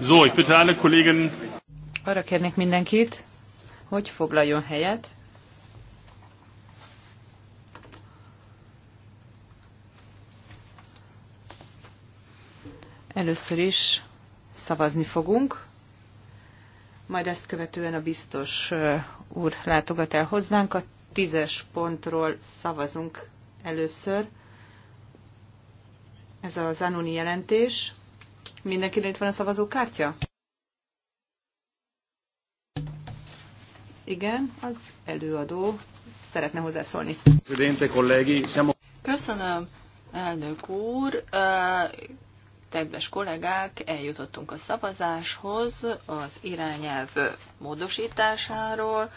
So, ich bitte alle Kollegen. Arra kérnék mindenkit, hogy foglaljon helyet. Először is szavazni fogunk, majd ezt követően a biztos úr látogat el hozzánk. A tízes pontról szavazunk először. Ez az Anoni jelentés. Mindenkinek itt van a szavazókártya? Igen, az előadó szeretne hozzászólni. Köszönöm, elnök úr. Kedves kollégák, eljutottunk a szavazáshoz az irányelv módosításáról,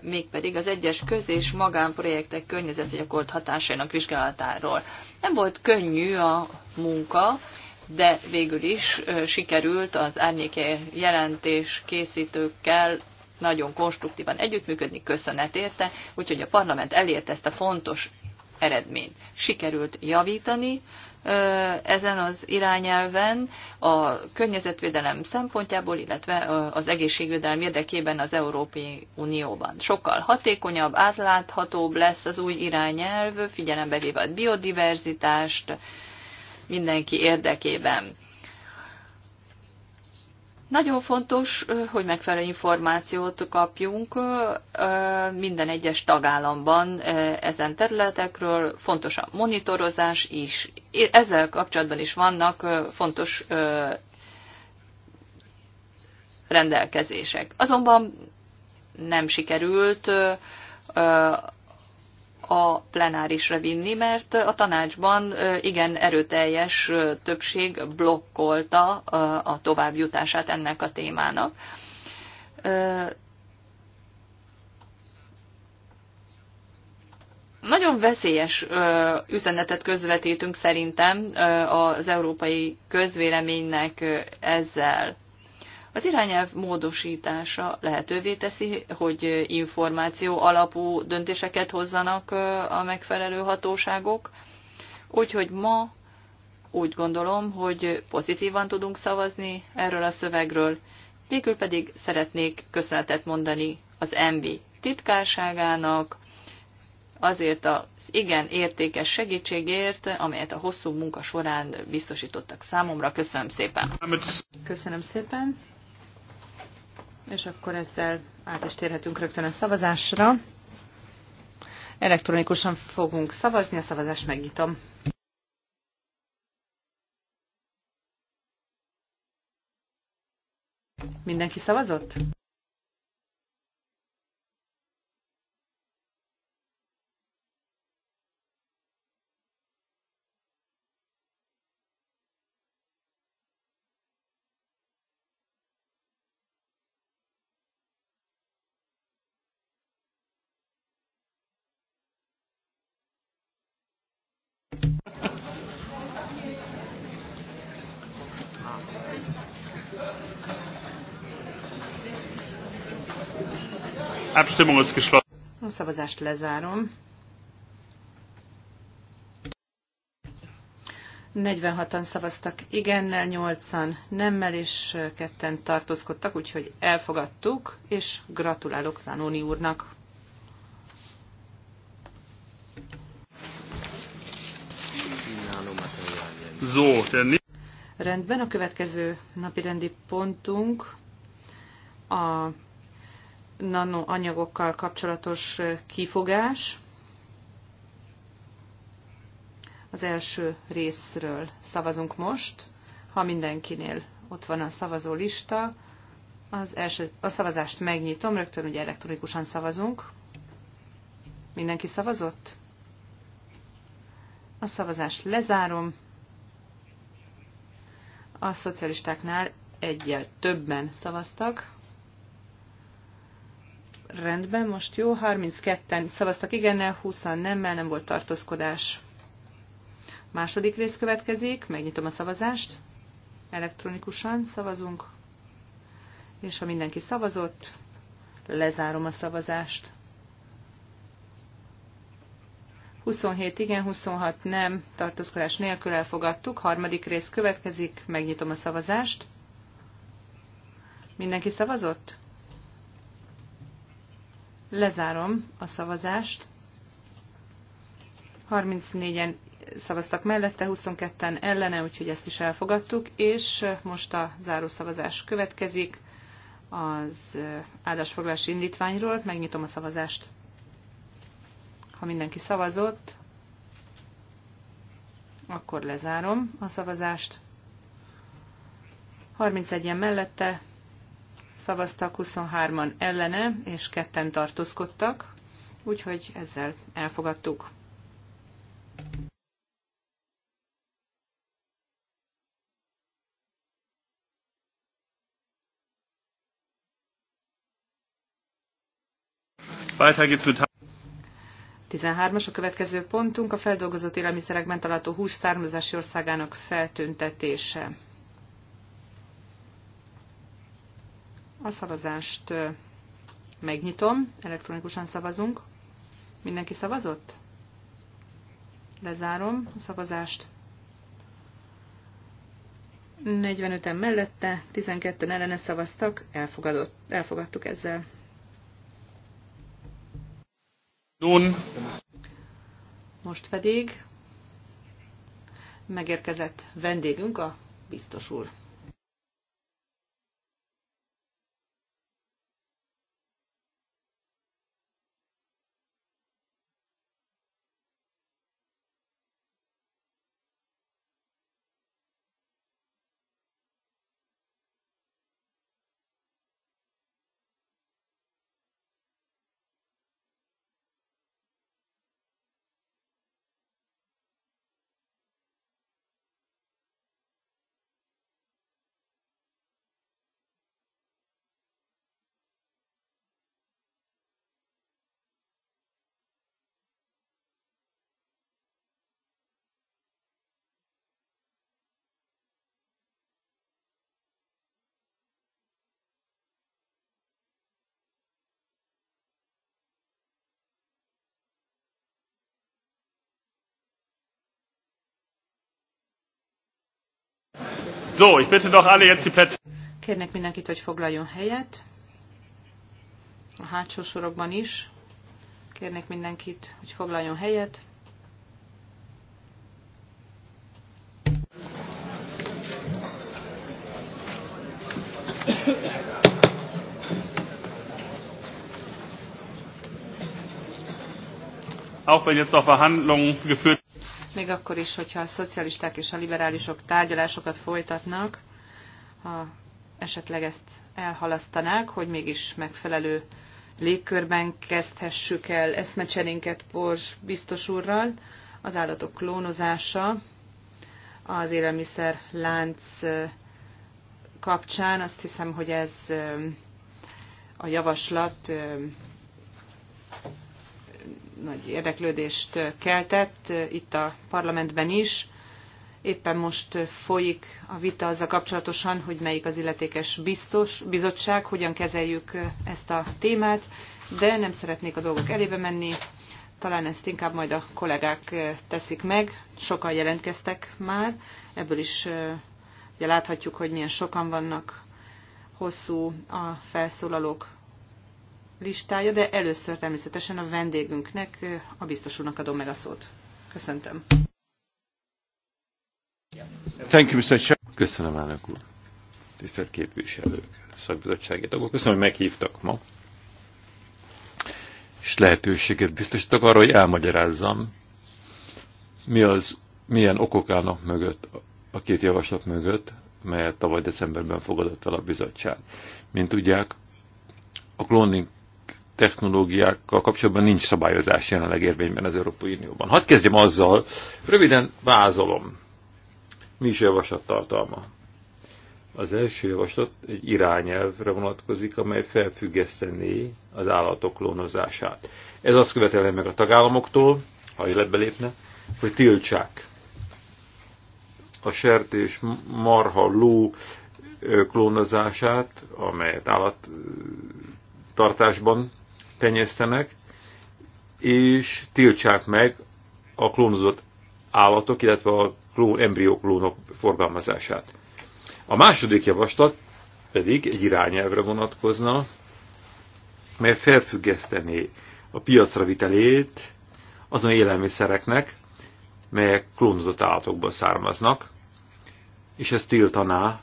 mégpedig az egyes köz- és magánprojektek környezetgyakorlat hatásainak vizsgálatáról. Nem volt könnyű a munka, de végül is sikerült az árnyéke jelentés készítőkkel nagyon konstruktívan együttműködni, köszönet érte, úgyhogy a parlament elérte ezt a fontos eredményt. Sikerült javítani ezen az irányelven a környezetvédelem szempontjából, illetve az egészségvédelem érdekében az Európai Unióban. Sokkal hatékonyabb, átláthatóbb lesz az új irányelv, figyelembe véve a biodiverzitást, mindenki érdekében. Nagyon fontos, hogy megfelelő információt kapjunk minden egyes tagállamban ezen területekről, fontos a monitorozás is. Ezzel kapcsolatban is vannak fontos rendelkezések. Azonban nem sikerült a plenárisra vinni, mert a tanácsban igen erőteljes többség blokkolta a továbbjutását ennek a témának. Nagyon veszélyes üzenetet közvetítünk szerintem az európai közvéleménynek ezzel. Az irányelv módosítása lehetővé teszi, hogy információ alapú döntéseket hozzanak a megfelelő hatóságok, úgyhogy ma úgy gondolom, hogy pozitívan tudunk szavazni erről a szövegről, végül pedig szeretnék köszönetet mondani az MB titkárságának, azért az igen értékes segítségért, amelyet a hosszú munka során biztosítottak számomra. Köszönöm szépen! Köszönöm szépen! És akkor ezzel át is térhetünk rögtön a szavazásra. Elektronikusan fogunk szavazni, a szavazást megnyitom. Mindenki szavazott? Abstimmung ist geschlossen. A szavazást lezárom. 46-an szavaztak igennel, 8-an nemmel, és ketten tartózkodtak, úgyhogy elfogadtuk, és gratulálok Zanoni úrnak. Zó, tenni. Rendben, a következő napi rendi pontunk a nanoanyagokkal kapcsolatos kifogás. Az első részről szavazunk most. Ha mindenkinél ott van a szavazó lista, az első, a szavazást megnyitom, rögtön ugye elektronikusan szavazunk. Mindenki szavazott? A szavazást lezárom. A szocialistáknál egyel többen szavaztak. Rendben, most jó, 32-en szavaztak igennel, 20-an nemmel, nem volt tartózkodás. Második rész következik, megnyitom a szavazást. Elektronikusan szavazunk. És ha mindenki szavazott, lezárom a szavazást. 27 igen, 26 nem, tartózkodás nélkül elfogadtuk. Harmadik rész következik, megnyitom a szavazást. Mindenki szavazott? Lezárom a szavazást. 34-en szavaztak mellette, 22-en ellene, úgyhogy ezt is elfogadtuk, és most a zárószavazás következik az állásfoglalási indítványról. Megnyitom a szavazást. Ha mindenki szavazott, akkor lezárom a szavazást. 31-en mellette, szavaztak, 23-an ellene, és ketten tartózkodtak, úgyhogy ezzel elfogadtuk. Tizenhármas 13 a következő pontunk a feldolgozott élelmiszerekben található hús származási országának feltüntetése. A szavazást megnyitom, elektronikusan szavazunk. Mindenki szavazott? Lezárom a szavazást. 45-en mellette, 12-en ellene szavaztak, elfogadott, elfogadtuk ezzel. Nun. Most pedig megérkezett vendégünk, a biztos úr. So, ich bitte doch alle jetzt die Plätze. Kérnek mindenkit, hogy foglaljon helyet. A hátsó sorokban is. Kérnek mindenkit, hogy foglaljon helyet. Auch wenn jetzt noch Verhandlungen geführt még akkor is, hogyha a szocialisták és a liberálisok tárgyalásokat folytatnak, ha esetleg ezt elhalasztanák, hogy mégis megfelelő légkörben kezdhessük el eszmecserénket Bors biztos úrral, az állatok klónozása, az élelmiszer lánc kapcsán azt hiszem, hogy ez a javaslat nagy érdeklődést keltett eh, itt a parlamentben is. Éppen most eh, folyik a vita azzal kapcsolatosan, hogy melyik az illetékes biztos, bizottság, hogyan kezeljük eh, ezt a témát, de nem szeretnék a dolgok elébe menni. Talán ezt inkább majd a kollégák teszik meg. Sokan jelentkeztek már, ebből is ugye láthatjuk, hogy milyen sokan vannak hosszú a felszólalók listája, de először természetesen a vendégünknek, a biztos úrnak adom meg a szót. Köszöntöm. Thank you, Mr. Köszönöm, elnök úr. Tisztelt képviselők, szakbizottsági tagok, köszönöm, hogy meghívtak ma, és lehetőséget biztosítok arra, hogy elmagyarázzam, mi az, milyen okok állnak mögött, a két javaslat mögött, melyet tavaly decemberben fogadott el a bizottság. Mint tudják, a cloning technológiákkal kapcsolatban nincs szabályozás jelenleg érvényben az Európai Unióban. Hadd kezdjem azzal, röviden vázolom. Mi is javaslat tartalma? Az első javaslat egy irányelvre vonatkozik, amely felfüggesztené az állatok klónozását. Ez azt követelne meg a tagállamoktól, ha életbe lépne, hogy tiltsák a sertés, marha, ló klónozását, amelyet állattartásban tenyésztenek, és tiltsák meg a klónozott állatok, illetve a klón, embrió klónok forgalmazását. A második javaslat pedig egy irányelvre vonatkozna, mely felfüggesztené a piacra vitelét azon élelmiszereknek, melyek klónozott állatokból származnak, és ez tiltaná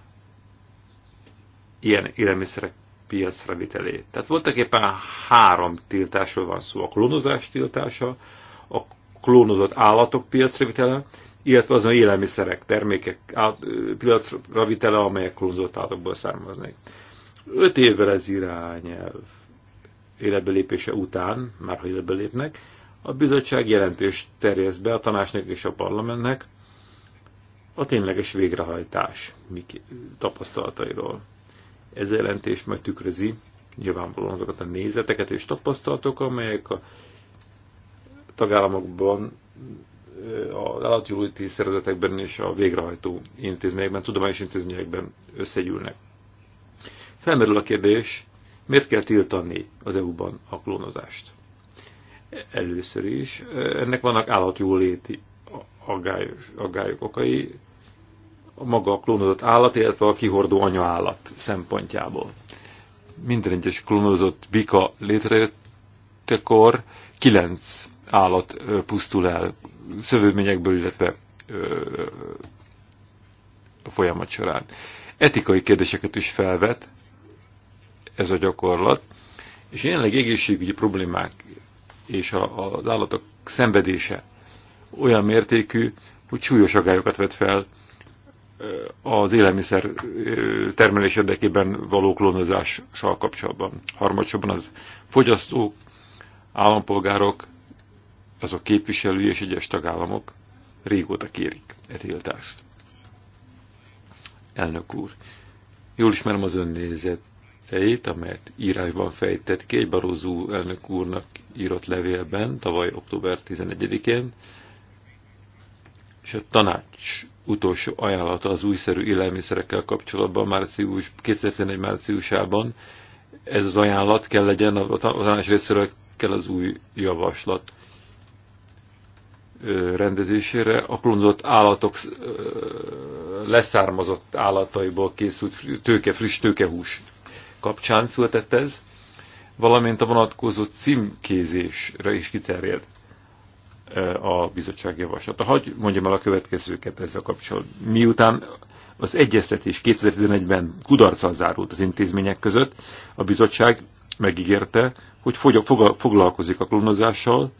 ilyen élelmiszerek piacra vitelét. Tehát voltak éppen három tiltásról van szó. A klónozás tiltása, a klónozott állatok piacra vitele, illetve az élelmiszerek, termékek piacra vitele, amelyek klónozott állatokból származnak. Öt évvel ez irányelv életbe lépése után, már ha életbe lépnek, a bizottság jelentést terjesz be a tanácsnak és a parlamentnek a tényleges végrehajtás tapasztalatairól. Ez a jelentés majd tükrözi nyilvánvalóan azokat a nézeteket és tapasztalatok, amelyek a tagállamokban, az állatjóléti szervezetekben és a végrehajtó intézményekben, tudományos intézményekben összegyűlnek. Felmerül a kérdés, miért kell tiltani az EU-ban a klónozást? Először is, ennek vannak állatjóléti aggályos, aggályok okai, maga a klónozott állat, illetve a kihordó anyaállat szempontjából. Minden egyes klónozott bika létrejöttekor kilenc állat pusztul el szövődményekből, illetve a folyamat során. Etikai kérdéseket is felvet ez a gyakorlat, és jelenleg egészségügyi problémák és a, az állatok szenvedése olyan mértékű, hogy súlyos agályokat vet fel az élelmiszer termelés érdekében való klónozással kapcsolatban. Harmadsorban az fogyasztók, állampolgárok, azok képviselői és egyes tagállamok régóta kérik e tiltást. Elnök úr, jól ismerem az önnézeteit, amelyet írásban fejtett ki egy Barózó elnök úrnak írott levélben tavaly október 11-én, és a tanács utolsó ajánlata az újszerű élelmiszerekkel kapcsolatban március, 2011 márciusában. Ez az ajánlat kell legyen, a tanács részéről kell az új javaslat rendezésére. A klónzott állatok leszármazott állataiból készült tőke, friss tőkehús kapcsán született ez, valamint a vonatkozó címkézésre is kiterjed a bizottság javaslata. Hogy mondjam el a következőket ezzel kapcsolatban. Miután az egyeztetés 2011-ben kudarccal zárult az intézmények között, a bizottság megígérte, hogy foglalkozik a klónozással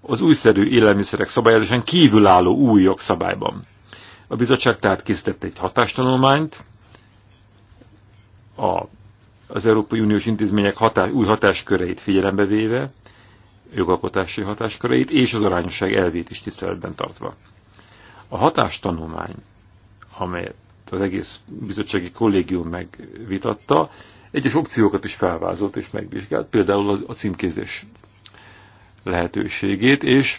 az újszerű élelmiszerek szabályozásán kívülálló új jogszabályban. A bizottság tehát készítette egy hatástanulmányt, a, az Európai Uniós intézmények hatás, új hatásköreit figyelembe véve, jogalkotási hatásköreit és az arányosság elvét is tiszteletben tartva. A hatástanulmány, amelyet az egész bizottsági kollégium megvitatta, egyes opciókat is felvázolt és megvizsgált, például a címkézés lehetőségét, és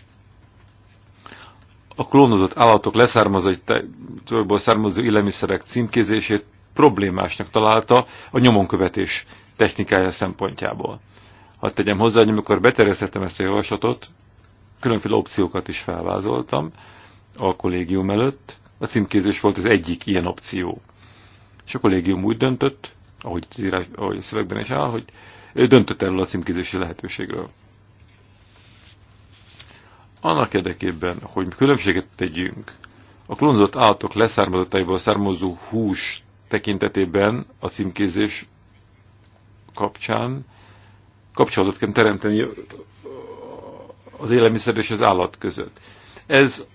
a klónozott állatok leszármazottból származó élelmiszerek címkézését problémásnak találta a nyomonkövetés technikája szempontjából. Hadd tegyem hozzá, hogy amikor beterjesztettem ezt a javaslatot, különféle opciókat is felvázoltam a kollégium előtt. A címkézés volt az egyik ilyen opció. És a kollégium úgy döntött, ahogy, az írás, ahogy a szövegben is áll, hogy ő döntött erről a címkézési lehetőségről. Annak érdekében, hogy különbséget tegyünk a klónzott állatok leszármazottaiból származó hús tekintetében a címkézés kapcsán kapcsolatot kell teremteni az élelmiszer és az állat között. Ez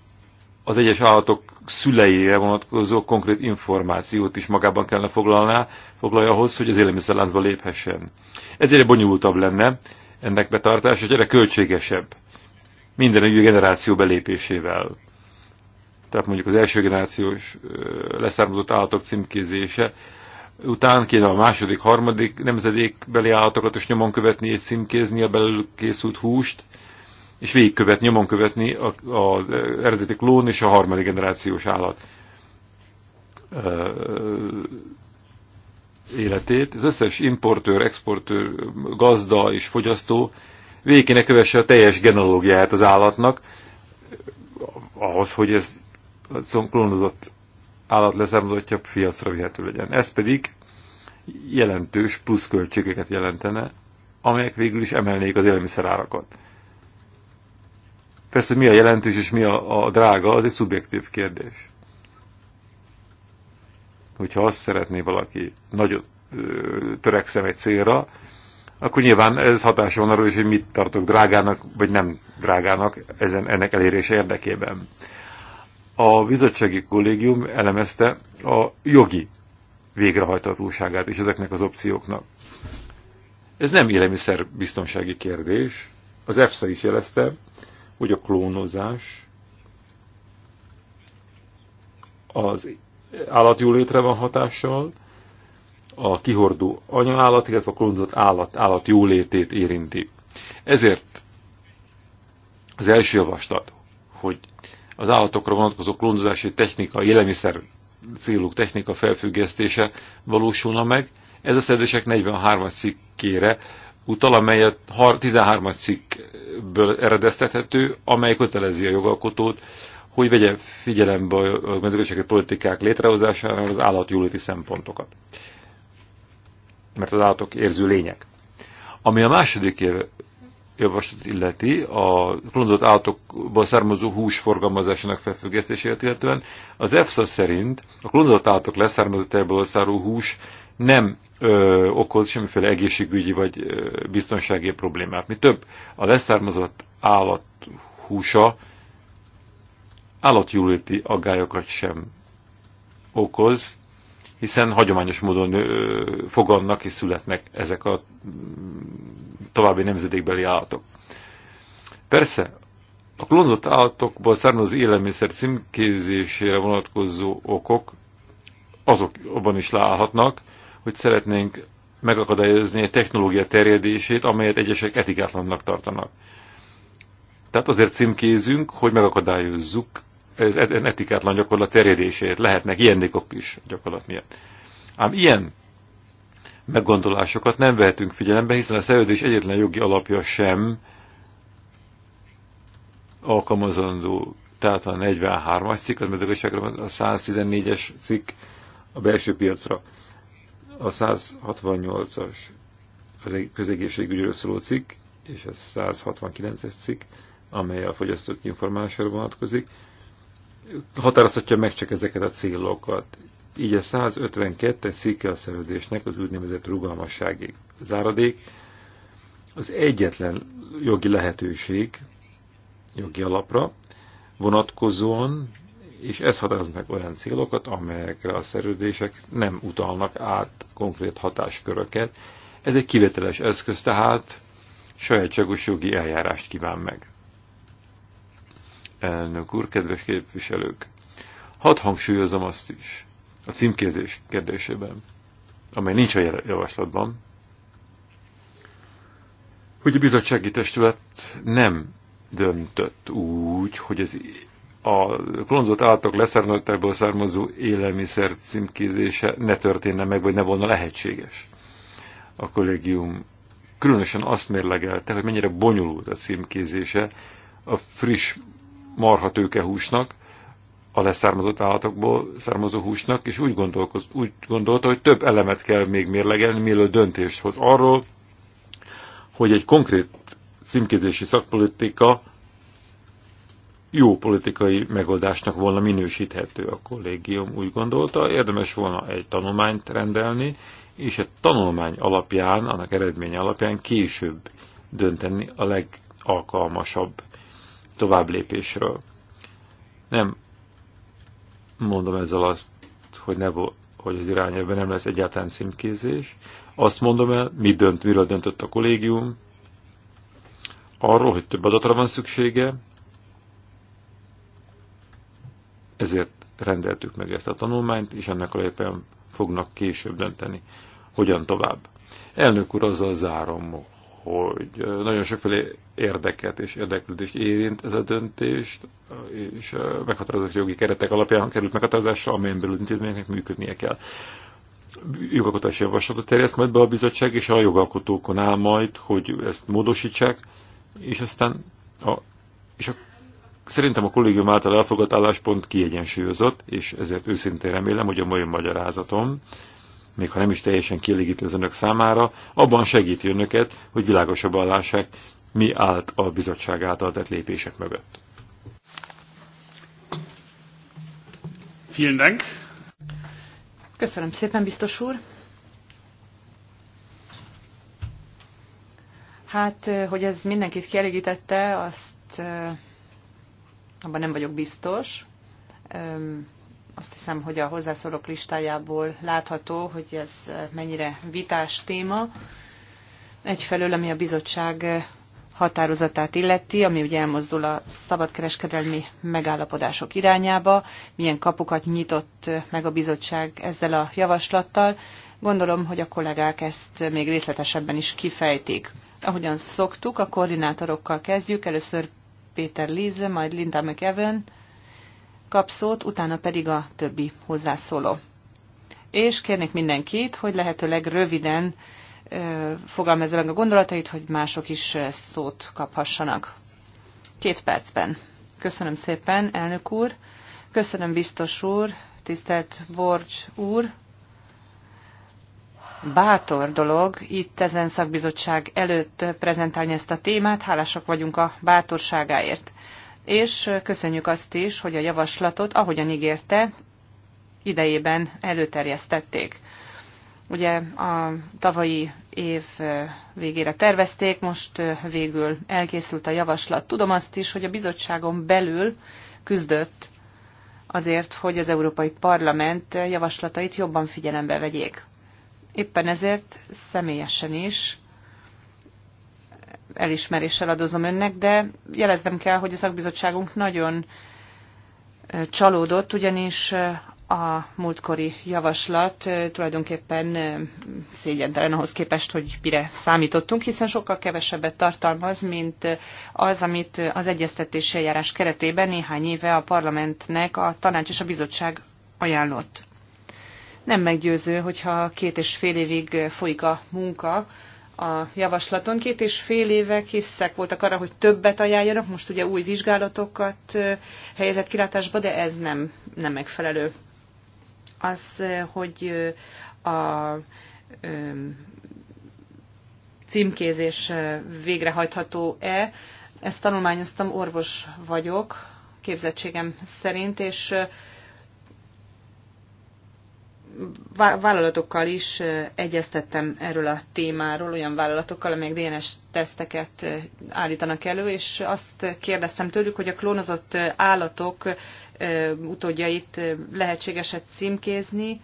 az egyes állatok szüleire vonatkozó konkrét információt is magában kellene foglalná, foglalja ahhoz, hogy az élelmiszerláncba léphessen. Ez egyre bonyolultabb lenne ennek betartása, és egyre költségesebb minden ügyű generáció belépésével. Tehát mondjuk az első generációs leszármazott állatok címkézése után kéne a második, harmadik nemzedékbeli állatokat is nyomon követni és címkézni a belőlük készült húst, és végigkövet, nyomon követni az eredeti klón és a harmadik generációs állat életét. Az összes importőr, exportőr, gazda és fogyasztó végig kövesse a teljes genológiáját az állatnak, ahhoz, hogy ez a klónozott állat állatleszármazottja piacra vihető legyen. Ez pedig jelentős pluszköltségeket jelentene, amelyek végül is emelnék az élelmiszerárakat. Persze, hogy mi a jelentős és mi a, a drága, az egy szubjektív kérdés. Hogyha azt szeretné valaki nagyot törekszem egy célra, akkor nyilván ez hatása van arra, is, hogy mit tartok drágának, vagy nem drágának ezen, ennek elérése érdekében a bizottsági kollégium elemezte a jogi végrehajtatóságát és ezeknek az opcióknak. Ez nem élelmiszerbiztonsági kérdés. Az EFSA is jelezte, hogy a klónozás az állatjólétre van hatással, a kihordó anyaállat, illetve a klónozott állat, állat jólétét érinti. Ezért az első javaslat, hogy az állatokra vonatkozó klónozási technika, élelmiszer célú technika felfüggesztése valósulna meg. Ez a szerződések 43 cikkére utal, amelyet 13 cikkből eredeztethető, amely kötelezi a jogalkotót, hogy vegye figyelembe a mezőgazdasági politikák létrehozására az állatjóléti szempontokat. Mert az állatok érző lények. Ami a második javaslat illeti, a klónozott állatokból származó hús forgalmazásának felfüggesztését illetően, az EFSA szerint a klónozott állatok leszármazottából származó hús nem ö, okoz semmiféle egészségügyi vagy ö, biztonsági problémát. Mi több, a leszármazott állat húsa állatjúléti aggályokat sem okoz, hiszen hagyományos módon fogannak és születnek ezek a további nemzedékbeli állatok. Persze, a klónzott állatokból származó élelmiszer címkézésére vonatkozó okok azok abban is láthatnak, hogy szeretnénk megakadályozni a technológia terjedését, amelyet egyesek etikátlannak tartanak. Tehát azért címkézünk, hogy megakadályozzuk ez etikátlan gyakorlat terjedéséért lehetnek ilyenikok is gyakorlat miatt. Ám ilyen meggondolásokat nem vehetünk figyelembe, hiszen a szerződés egyetlen jogi alapja sem alkalmazandó, tehát a 43-as cikk, a a 114-es cikk a belső piacra, a 168-as az közegészségügyről szóló cikk, és a 169-es cikk, amely a fogyasztók információra vonatkozik, határozhatja meg csak ezeket a célokat. Így a 152-es cikke szerződésnek az úgynevezett rugalmassági záradék az egyetlen jogi lehetőség jogi alapra vonatkozóan, és ez határoz meg olyan célokat, amelyekre a szerződések nem utalnak át konkrét hatásköröket. Ez egy kivételes eszköz, tehát sajátságos jogi eljárást kíván meg elnök úr, kedves képviselők! Hadd hangsúlyozom azt is, a címkézés kérdésében, amely nincs a javaslatban, hogy a bizottsági testület nem döntött úgy, hogy az a klonzott állatok leszármazottából származó élelmiszer címkézése ne történne meg, vagy ne volna lehetséges. A kollégium különösen azt mérlegelte, hogy mennyire bonyolult a címkézése a friss marha tőkehúsnak, a leszármazott állatokból származó húsnak, és úgy, gondolkoz, úgy gondolta, hogy több elemet kell még mérlegelni, mielőtt döntést hoz arról, hogy egy konkrét címkézési szakpolitika jó politikai megoldásnak volna minősíthető a kollégium, úgy gondolta, érdemes volna egy tanulmányt rendelni, és egy tanulmány alapján, annak eredménye alapján később dönteni a legalkalmasabb tovább lépésről. Nem mondom ezzel azt, hogy, ne, hogy az irányában nem lesz egyáltalán címkézés. Azt mondom el, mi dönt, miről döntött a kollégium, arról, hogy több adatra van szüksége, ezért rendeltük meg ezt a tanulmányt, és ennek alapján fognak később dönteni, hogyan tovább. Elnök úr, azzal zárom hogy nagyon sokféle érdeket és érdeklődést érint ez a döntés, és meghatározott jogi keretek alapján került meghatározásra, amelyen belül intézményeknek működnie kell. Jogalkotási javaslatot terjeszt majd be a bizottság, és a jogalkotókon áll majd, hogy ezt módosítsák, és aztán a, és a, szerintem a kollégium által elfogadt álláspont kiegyensúlyozott, és ezért őszintén remélem, hogy a mai magyarázatom még ha nem is teljesen kielégítő az önök számára, abban segíti önöket, hogy világosabban lássák, mi állt a bizottság által tett lépések mögött. Vielen Dank. Köszönöm szépen, biztos úr. Hát, eh, hogy ez mindenkit kielégítette, azt eh, abban nem vagyok biztos azt hiszem, hogy a hozzászólók listájából látható, hogy ez mennyire vitás téma. Egyfelől, ami a bizottság határozatát illeti, ami ugye elmozdul a szabadkereskedelmi megállapodások irányába, milyen kapukat nyitott meg a bizottság ezzel a javaslattal. Gondolom, hogy a kollégák ezt még részletesebben is kifejtik. Ahogyan szoktuk, a koordinátorokkal kezdjük. Először Péter Líze, majd Linda McEwen, kap szót, utána pedig a többi hozzászóló. És kérnék mindenkit, hogy lehetőleg röviden fogalmazza meg a gondolatait, hogy mások is szót kaphassanak. Két percben. Köszönöm szépen, elnök úr. Köszönöm, biztos úr, tisztelt Borcs úr. Bátor dolog itt ezen szakbizottság előtt prezentálni ezt a témát, hálásak vagyunk a bátorságáért és köszönjük azt is, hogy a javaslatot, ahogyan ígérte, idejében előterjesztették. Ugye a tavalyi év végére tervezték, most végül elkészült a javaslat. Tudom azt is, hogy a bizottságon belül küzdött azért, hogy az Európai Parlament javaslatait jobban figyelembe vegyék. Éppen ezért személyesen is elismeréssel adozom önnek, de jeleznem kell, hogy a szakbizottságunk nagyon csalódott, ugyanis a múltkori javaslat tulajdonképpen szégyentelen ahhoz képest, hogy mire számítottunk, hiszen sokkal kevesebbet tartalmaz, mint az, amit az egyeztetési eljárás keretében néhány éve a parlamentnek a tanács és a bizottság ajánlott. Nem meggyőző, hogyha két és fél évig folyik a munka, a javaslaton. Két és fél éve hiszek voltak arra, hogy többet ajánljanak, most ugye új vizsgálatokat helyezett kilátásba, de ez nem, nem megfelelő. Az, hogy a címkézés végrehajtható-e, ezt tanulmányoztam, orvos vagyok, képzettségem szerint, és vállalatokkal is egyeztettem erről a témáról, olyan vállalatokkal, amelyek DNS teszteket állítanak elő, és azt kérdeztem tőlük, hogy a klónozott állatok utódjait lehetségeset címkézni,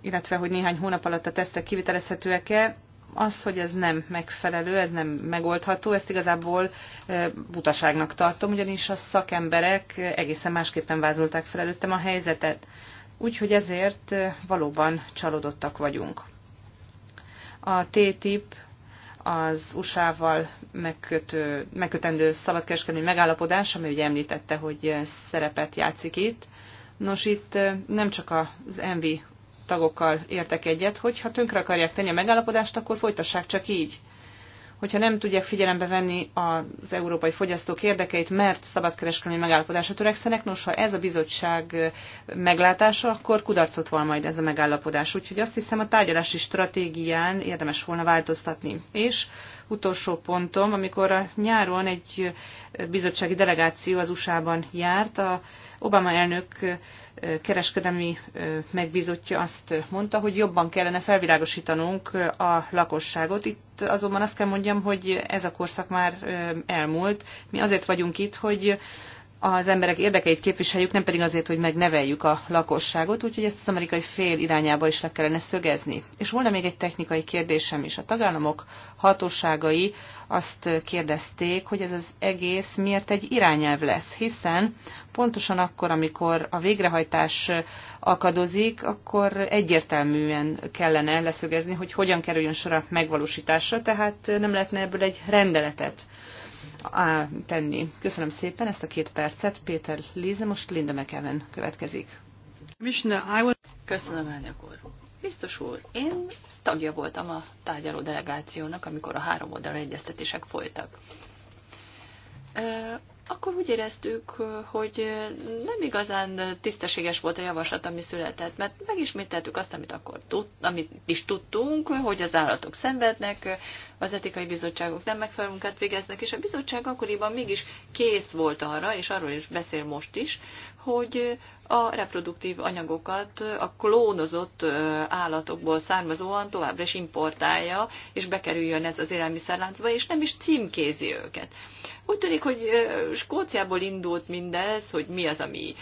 illetve hogy néhány hónap alatt a tesztek kivitelezhetőek-e, az, hogy ez nem megfelelő, ez nem megoldható, ezt igazából butaságnak tartom, ugyanis a szakemberek egészen másképpen vázolták fel előttem a helyzetet úgyhogy ezért valóban csalódottak vagyunk. A TTIP az USA-val megkötendő szabadkereskedelmi megállapodás, ami ugye említette, hogy szerepet játszik itt. Nos, itt nem csak az ENVI tagokkal értek egyet, hogy ha tönkre akarják tenni a megállapodást, akkor folytassák csak így hogyha nem tudják figyelembe venni az európai fogyasztók érdekeit, mert szabadkereskedelmi megállapodásra törekszenek, nos, ha ez a bizottság meglátása, akkor kudarcot val majd ez a megállapodás. Úgyhogy azt hiszem a tárgyalási stratégián érdemes volna változtatni. És utolsó pontom, amikor a nyáron egy bizottsági delegáció az USA-ban járt, a Obama elnök kereskedelmi megbízottja azt mondta, hogy jobban kellene felvilágosítanunk a lakosságot. Itt azonban azt kell mondjam, hogy ez a korszak már elmúlt. Mi azért vagyunk itt, hogy az emberek érdekeit képviseljük, nem pedig azért, hogy megneveljük a lakosságot, úgyhogy ezt az amerikai fél irányába is le kellene szögezni. És volna még egy technikai kérdésem is. A tagállamok hatóságai azt kérdezték, hogy ez az egész miért egy irányelv lesz, hiszen pontosan akkor, amikor a végrehajtás akadozik, akkor egyértelműen kellene leszögezni, hogy hogyan kerüljön sor a megvalósításra, tehát nem lehetne ebből egy rendeletet tenni. Köszönöm szépen ezt a két percet. Péter Líze, most Linda McEwen következik. Köszönöm, elnök úr. Biztos úr, én tagja voltam a tárgyaló delegációnak, amikor a három oldalra egyeztetések folytak akkor úgy éreztük, hogy nem igazán tisztességes volt a javaslat, ami született, mert megismételtük azt, amit akkor tud, amit is tudtunk, hogy az állatok szenvednek, az etikai bizottságok nem megfelelő munkát végeznek, és a bizottság akkoriban mégis kész volt arra, és arról is beszél most is, hogy a reproduktív anyagokat a klónozott állatokból származóan továbbra is importálja, és bekerüljön ez az élelmiszerláncba, és nem is címkézi őket. Úgy tűnik, hogy Skóciából indult mindez, hogy mi az, ami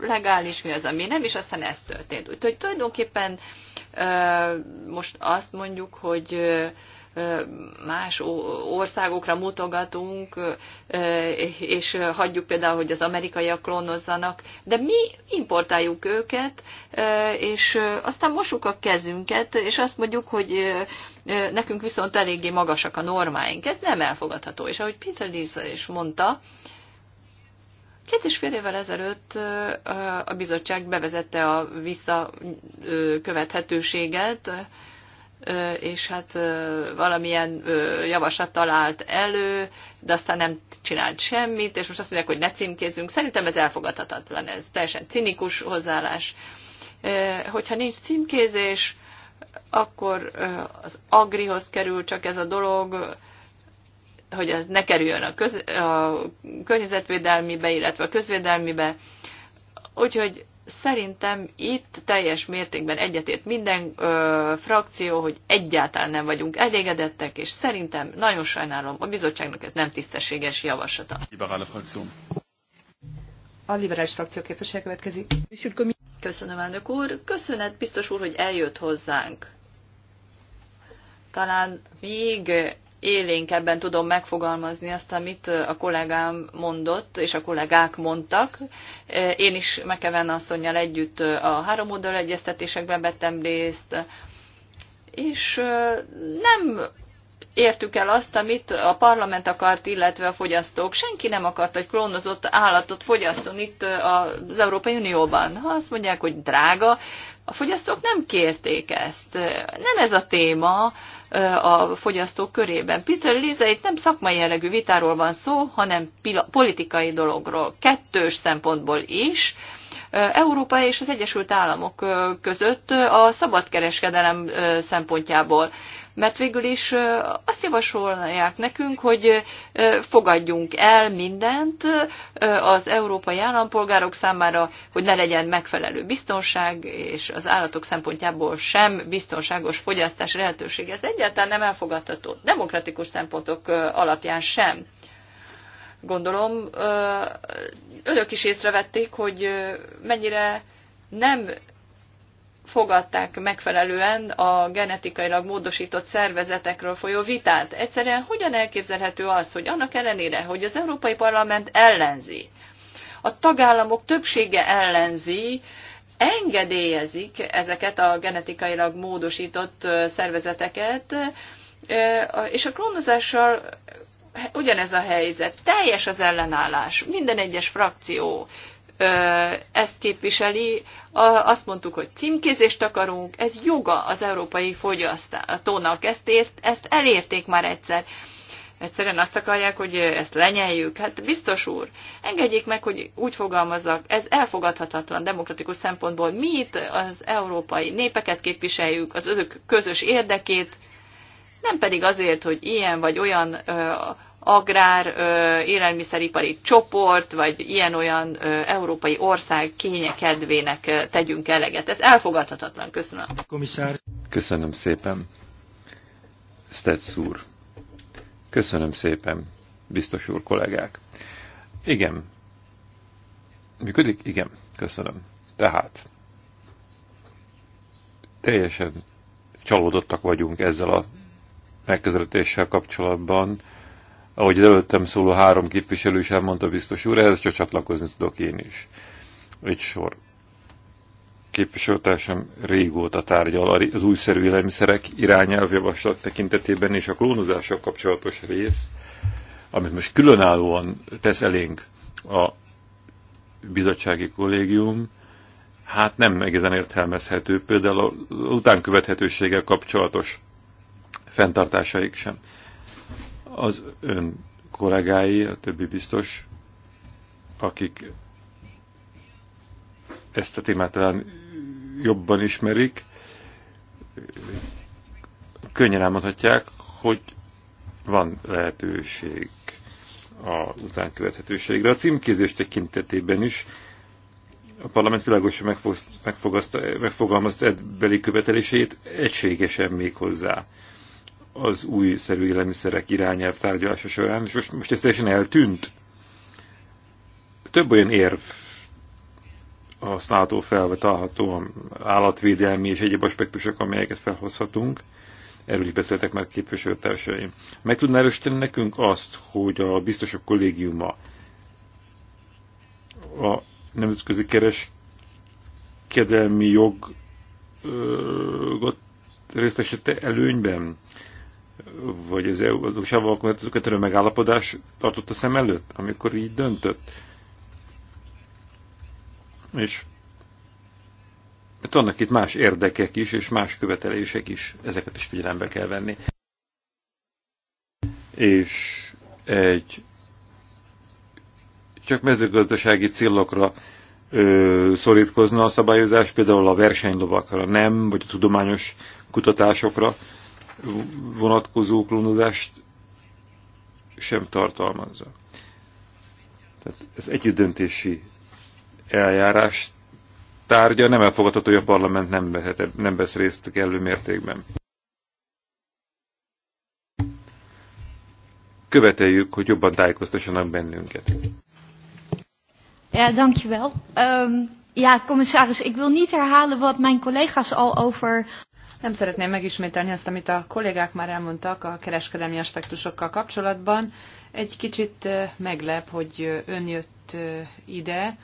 legális, mi az, ami nem, és aztán ez történt. Úgyhogy tulajdonképpen most azt mondjuk, hogy más országokra mutogatunk, és hagyjuk például, hogy az amerikaiak klónozzanak, de mi importáljuk őket, és aztán mosuk a kezünket, és azt mondjuk, hogy nekünk viszont eléggé magasak a normáink. Ez nem elfogadható. És ahogy Pincer Lisa is mondta, Két és fél évvel ezelőtt a bizottság bevezette a visszakövethetőséget, és hát valamilyen javaslat talált elő, de aztán nem csinált semmit, és most azt mondják, hogy ne címkézzünk. Szerintem ez elfogadhatatlan, ez teljesen cinikus hozzáállás. Hogyha nincs címkézés, akkor az agrihoz kerül csak ez a dolog, hogy ez ne kerüljön a, köz, a környezetvédelmibe, illetve a közvédelmibe. Úgyhogy szerintem itt teljes mértékben egyetért minden ö, frakció, hogy egyáltalán nem vagyunk elégedettek, és szerintem nagyon sajnálom, a bizottságnak ez nem tisztességes javaslata. Liberális frakció. A liberális frakció képviselő következik. Köszönöm, elnök úr. Köszönet, biztos úr, hogy eljött hozzánk. Talán még ebben tudom megfogalmazni azt, amit a kollégám mondott, és a kollégák mondtak. Én is Mekeven asszonynal együtt a három oldal egyeztetésekben vettem részt, és nem értük el azt, amit a parlament akart, illetve a fogyasztók. Senki nem akart, hogy klónozott állatot fogyasszon itt az Európai Unióban. Ha azt mondják, hogy drága, a fogyasztók nem kérték ezt. Nem ez a téma, a fogyasztók körében. Peter Lize itt nem szakmai jellegű vitáról van szó, hanem politikai dologról, kettős szempontból is. Európa és az Egyesült Államok között a szabadkereskedelem szempontjából mert végül is azt javasolják nekünk, hogy fogadjunk el mindent az európai állampolgárok számára, hogy ne legyen megfelelő biztonság, és az állatok szempontjából sem biztonságos fogyasztás lehetőség. Ez egyáltalán nem elfogadható, demokratikus szempontok alapján sem. Gondolom, önök is észrevették, hogy mennyire nem fogadták megfelelően a genetikailag módosított szervezetekről folyó vitát. Egyszerűen hogyan elképzelhető az, hogy annak ellenére, hogy az Európai Parlament ellenzi, a tagállamok többsége ellenzi, engedélyezik ezeket a genetikailag módosított szervezeteket, és a klónozással ugyanez a helyzet. Teljes az ellenállás, minden egyes frakció, ezt képviseli. Azt mondtuk, hogy címkézést akarunk, ez joga az európai fogyasztónak. Ezt, ért, ezt elérték már egyszer. Egyszerűen azt akarják, hogy ezt lenyeljük. Hát biztos úr, engedjék meg, hogy úgy fogalmazzak, ez elfogadhatatlan demokratikus szempontból. Mi itt az európai népeket képviseljük, az ők közös érdekét, nem pedig azért, hogy ilyen vagy olyan agrár élelmiszeripari csoport, vagy ilyen-olyan európai ország kénye kedvének tegyünk eleget. Ez elfogadhatatlan. Köszönöm. Komisár. Köszönöm szépen. Stetsz úr. Köszönöm szépen, biztos úr kollégák. Igen. Működik? Igen. Köszönöm. Tehát teljesen csalódottak vagyunk ezzel a megközelítéssel kapcsolatban ahogy az előttem szóló három képviselő is elmondta biztos úr, ehhez csak csatlakozni tudok én is. Egy sor képviselőtársam régóta tárgyal az újszerű élelmiszerek irányelvjavaslat tekintetében és a klónozással kapcsolatos rész, amit most különállóan tesz elénk a bizottsági kollégium, hát nem egészen értelmezhető, például az utánkövethetőséggel kapcsolatos fenntartásaik sem. Az ön kollégái, a többi biztos, akik ezt a témát talán jobban ismerik, könnyen elmondhatják, hogy van lehetőség az utánkövethetőségre. A címkézés tekintetében is a parlament világosan megfogalmazta ebbeli követelését egységesen még hozzá az új szerű élelmiszerek irányelv tárgyalása során, és most, most ez teljesen eltűnt. Több olyan érv használható felve található állatvédelmi és egyéb aspektusok, amelyeket felhozhatunk. Erről is beszéltek már képviselőtársaim. Meg tudná erősíteni nekünk azt, hogy a biztosok kollégiuma a nemzetközi kereskedelmi jogot részesítette előnyben vagy az EU az USA-val kötő megállapodás tartott a szem előtt, amikor így döntött. És hát vannak itt más érdekek is, és más követelések is, ezeket is figyelembe kell venni. És egy csak mezőgazdasági célokra ö, szorítkozna a szabályozás, például a versenylovakra nem, vagy a tudományos kutatásokra, vonatkozó klónozást sem tartalmazza. Tehát ez együttdöntési eljárás tárgya nem elfogadható, hogy a parlament nem, behet, nem vesz részt kellő mértékben. Követeljük, hogy jobban tájékoztassanak bennünket. Ja, dankjewel. Um, ja, commissaris, ik wil niet herhalen wat mijn collega's al over nem szeretném megismételni azt, amit a kollégák már elmondtak a kereskedelmi aspektusokkal kapcsolatban. Egy kicsit meglep, hogy ön jött ide,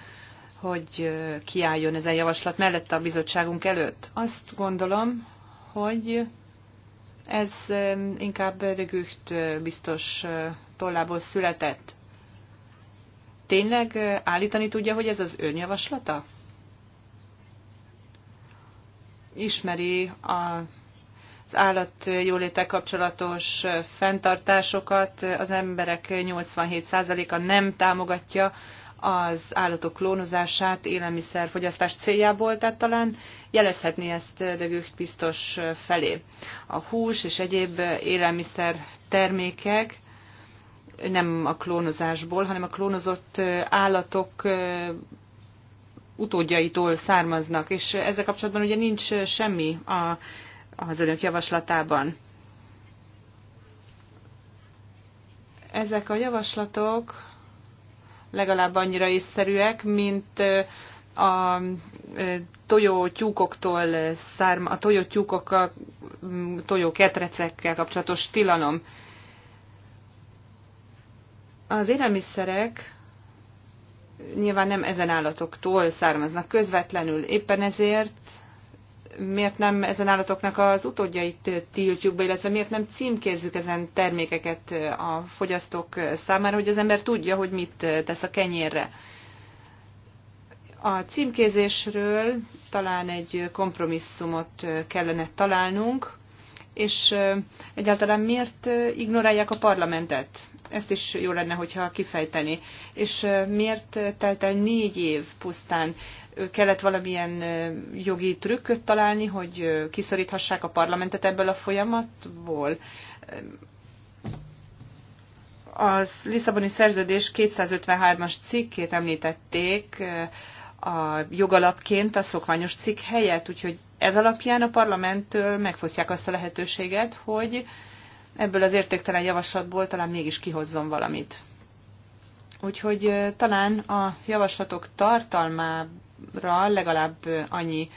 hogy kiálljon ezen javaslat mellett a bizottságunk előtt. Azt gondolom, hogy ez inkább Degücht biztos tollából született. Tényleg állítani tudja, hogy ez az javaslata? ismeri a, az állatjóléte kapcsolatos fenntartásokat. Az emberek 87%-a nem támogatja az állatok klónozását élelmiszerfogyasztás céljából, tehát talán jelezhetné ezt de biztos felé. A hús és egyéb élelmiszer termékek nem a klónozásból, hanem a klónozott állatok utódjaitól származnak, és ezzel kapcsolatban ugye nincs semmi a, az önök javaslatában. Ezek a javaslatok legalább annyira észszerűek, mint a tojótyúkoktól szárma, a tojótyúkok, a tojóketrecekkel kapcsolatos tilalom. Az élelmiszerek nyilván nem ezen állatoktól származnak közvetlenül. Éppen ezért miért nem ezen állatoknak az utódjait tiltjuk be, illetve miért nem címkézzük ezen termékeket a fogyasztók számára, hogy az ember tudja, hogy mit tesz a kenyérre. A címkézésről talán egy kompromisszumot kellene találnunk, és egyáltalán miért ignorálják a parlamentet? Ezt is jó lenne, hogyha kifejteni. És miért telt el négy év pusztán? Kellett valamilyen jogi trükköt találni, hogy kiszoríthassák a parlamentet ebből a folyamatból? Az Lisszaboni szerződés 253-as cikkét említették a jogalapként a szokványos cikk helyett, úgyhogy ez alapján a parlamenttől megfosztják azt a lehetőséget, hogy ebből az értéktelen javaslatból talán mégis kihozzon valamit. Úgyhogy talán a javaslatok tartalmára legalább annyi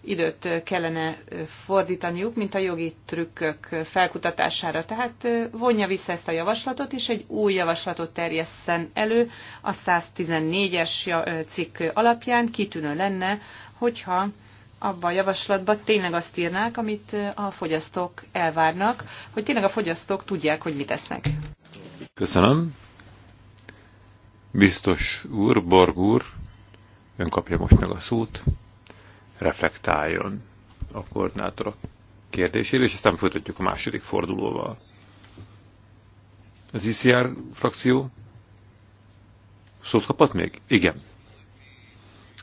időt kellene fordítaniuk, mint a jogi trükkök felkutatására. Tehát vonja vissza ezt a javaslatot, és egy új javaslatot terjesszen elő a 114-es cikk alapján. Kitűnő lenne, hogyha abban a javaslatban tényleg azt írnák, amit a fogyasztók elvárnak, hogy tényleg a fogyasztók tudják, hogy mit esznek. Köszönöm. Biztos úr, Borg úr, ön kapja most meg a szót, reflektáljon a koordinátorok kérdésére, és aztán folytatjuk a második fordulóval. Az ICR frakció szót kapott még? Igen.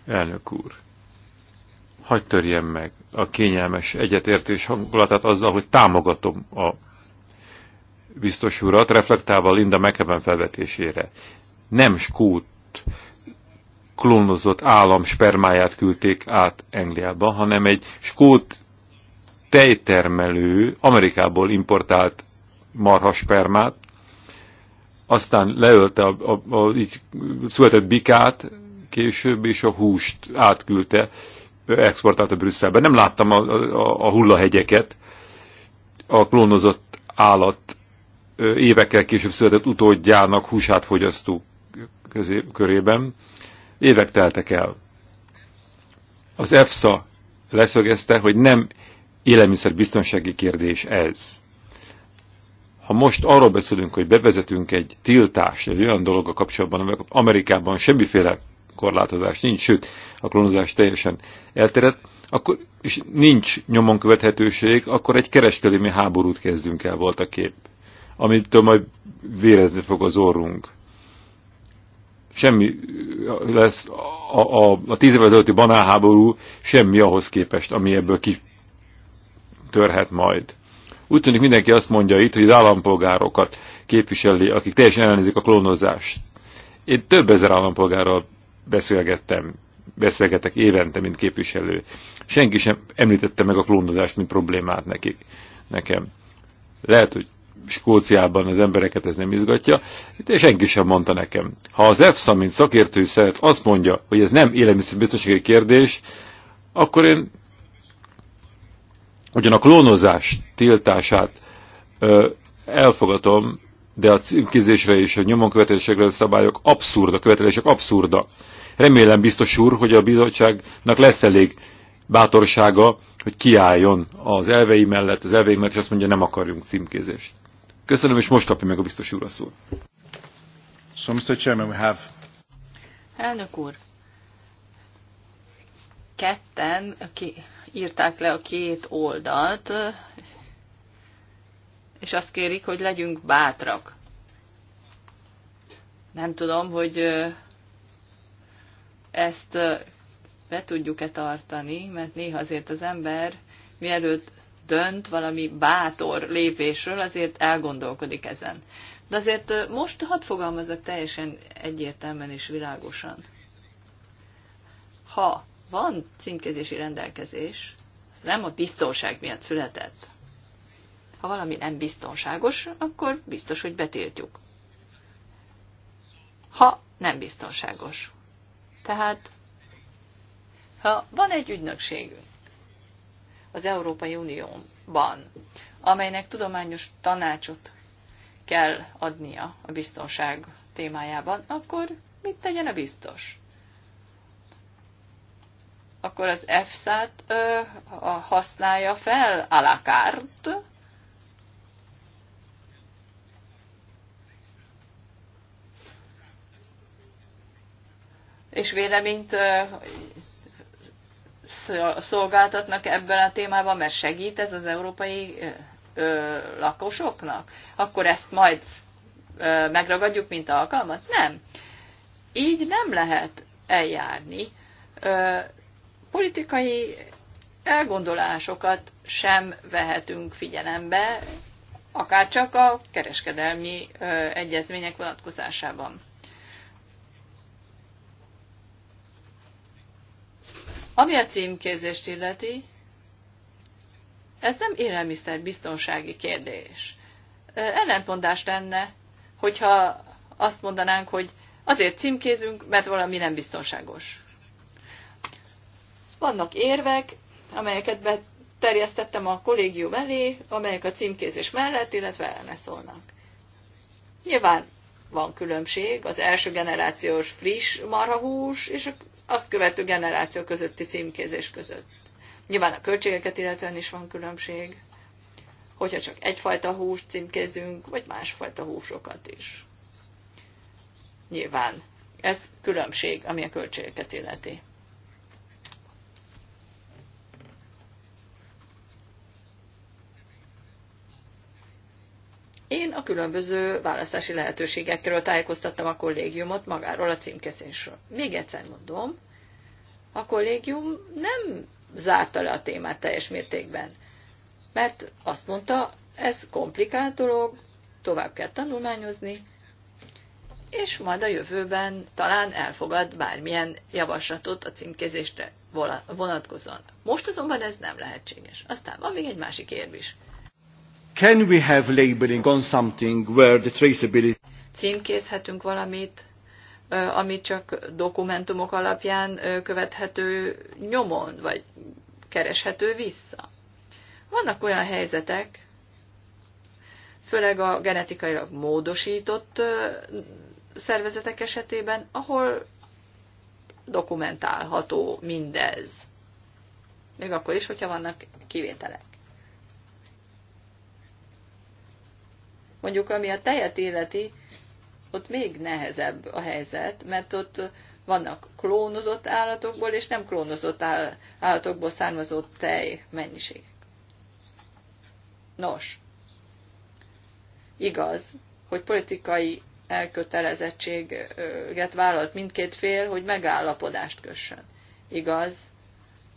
Elnök úr, hagyd törjem meg a kényelmes egyetértés hangulatát azzal, hogy támogatom a biztos urat, reflektálva Linda McEwen felvetésére. Nem skót klónozott állam spermáját küldték át Angliába, hanem egy skót tejtermelő Amerikából importált marhaspermát, aztán leölte a, a, a, a így született bikát, később, és a húst átküldte exportált a Brüsszelbe. Nem láttam a, a, a hullahegyeket, a klónozott állat évekkel később született utódjának húsát fogyasztó közé, körében. Évek teltek el. Az EFSA leszögezte, hogy nem élelmiszerbiztonsági kérdés ez. Ha most arról beszélünk, hogy bevezetünk egy tiltást egy olyan dolog a kapcsolatban, amely Amerikában semmiféle korlátozás nincs, sőt, a klónozás teljesen elterjedt, akkor, és nincs nyomon követhetőség, akkor egy kereskedelmi háborút kezdünk el, volt a kép, amitől majd vérezni fog az orrunk. Semmi lesz a, a, a tíz évvel ezelőtti banálháború, semmi ahhoz képest, ami ebből kitörhet majd. Úgy tűnik mindenki azt mondja itt, hogy az állampolgárokat képviseli, akik teljesen ellenzik a klónozást. Én több ezer állampolgárral beszélgettem, beszélgetek évente, mint képviselő. Senki sem említette meg a klónozást, mint problémát nekik, nekem. Lehet, hogy Skóciában az embereket ez nem izgatja, de senki sem mondta nekem. Ha az EFSA, mint szakértői szeret azt mondja, hogy ez nem élelmiszerbiztonsági kérdés, akkor én ugyan a klónozás tiltását ö, elfogadom, de a címkizésre és a nyomonkövetelésekre a szabályok abszurda, követelések abszurda. Remélem, biztos úr, hogy a bizottságnak lesz elég bátorsága, hogy kiálljon az elvei mellett, az elvei mellett, és azt mondja, nem akarjunk címkézést. Köszönöm, és most kapja meg a biztos úr a szót. So, Mr. Chairman, we have... Elnök úr, ketten ki, írták le a két oldalt, és azt kérik, hogy legyünk bátrak. Nem tudom, hogy ezt be tudjuk-e tartani, mert néha azért az ember mielőtt dönt valami bátor lépésről, azért elgondolkodik ezen. De azért most hadd fogalmazok teljesen egyértelműen és világosan. Ha van címkézési rendelkezés, ez nem a biztonság miatt született. Ha valami nem biztonságos, akkor biztos, hogy betiltjuk. Ha nem biztonságos. Tehát, ha van egy ügynökségünk az Európai Unióban, amelynek tudományos tanácsot kell adnia a biztonság témájában, akkor mit tegyen a biztos? Akkor az EFSA-t használja fel alakárt, és véleményt szolgáltatnak ebben a témában, mert segít ez az európai lakosoknak, akkor ezt majd megragadjuk, mint alkalmat? Nem. Így nem lehet eljárni. Politikai elgondolásokat sem vehetünk figyelembe, akár csak a kereskedelmi egyezmények vonatkozásában. Ami a címkézést illeti, ez nem élelmiszer biztonsági kérdés. Ellentmondás lenne, hogyha azt mondanánk, hogy azért címkézünk, mert valami nem biztonságos. Vannak érvek, amelyeket beterjesztettem a kollégium elé, amelyek a címkézés mellett, illetve ellene szólnak. Nyilván van különbség, az első generációs friss marhahús és azt követő generáció közötti címkézés között. Nyilván a költségeket illetően is van különbség, hogyha csak egyfajta húst címkézünk, vagy másfajta húsokat is. Nyilván ez különbség, ami a költségeket illeti. Én a különböző választási lehetőségekről tájékoztattam a kollégiumot magáról a címkezésről. Még egyszer mondom, a kollégium nem zárta le a témát teljes mértékben, mert azt mondta, ez komplikált dolog, tovább kell tanulmányozni, és majd a jövőben talán elfogad bármilyen javaslatot a címkézésre vonatkozóan. Most azonban ez nem lehetséges. Aztán van még egy másik érv is can we have labeling on something where the traceability címkézhetünk valamit, amit csak dokumentumok alapján követhető nyomon, vagy kereshető vissza. Vannak olyan helyzetek, főleg a genetikailag módosított szervezetek esetében, ahol dokumentálható mindez. Még akkor is, hogyha vannak kivételek. Mondjuk, ami a tejet illeti, ott még nehezebb a helyzet, mert ott vannak klónozott állatokból és nem klónozott állatokból származó tej mennyiség. Nos, igaz, hogy politikai elkötelezettséget vállalt mindkét fél, hogy megállapodást kössön. Igaz,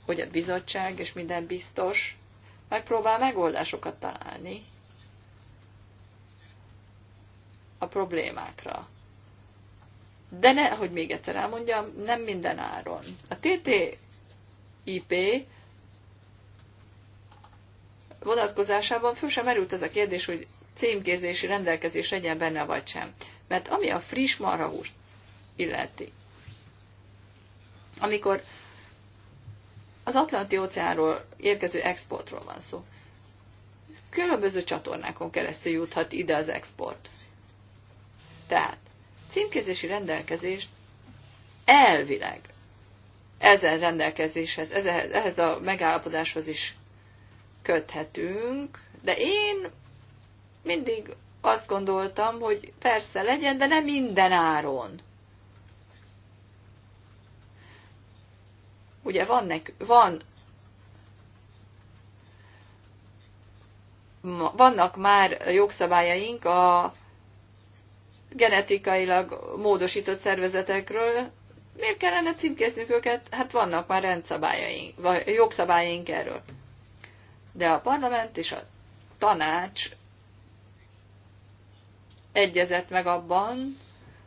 hogy a bizottság és minden biztos megpróbál megoldásokat találni, a problémákra. De ne, hogy még egyszer elmondjam, nem minden áron. A TTIP vonatkozásában föl sem merült ez a kérdés, hogy címkézési rendelkezés legyen benne vagy sem. Mert ami a friss marhahúst illeti, amikor az Atlanti óceánról érkező exportról van szó, különböző csatornákon keresztül juthat ide az export. Tehát címkézési rendelkezést elvileg ezen rendelkezéshez, ehhez, ehhez a megállapodáshoz is köthetünk, de én mindig azt gondoltam, hogy persze legyen, de nem minden áron. Ugye van, nek, van vannak már jogszabályaink a genetikailag módosított szervezetekről, miért kellene címkéznünk őket? Hát vannak már rendszabályaink, vagy jogszabályaink erről. De a parlament és a tanács egyezett meg abban,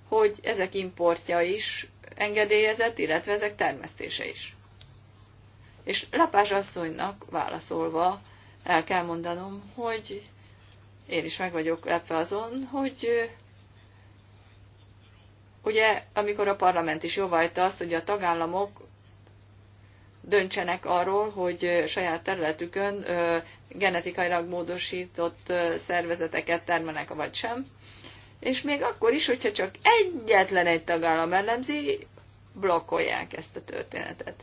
hogy ezek importja is engedélyezett, illetve ezek termesztése is. És Lapás asszonynak válaszolva el kell mondanom, hogy én is meg vagyok lepve azon, hogy Ugye, amikor a parlament is jóváhagyta azt, hogy a tagállamok döntsenek arról, hogy saját területükön genetikailag módosított szervezeteket termelnek, vagy sem. És még akkor is, hogyha csak egyetlen egy tagállam ellenzi, blokkolják ezt a történetet.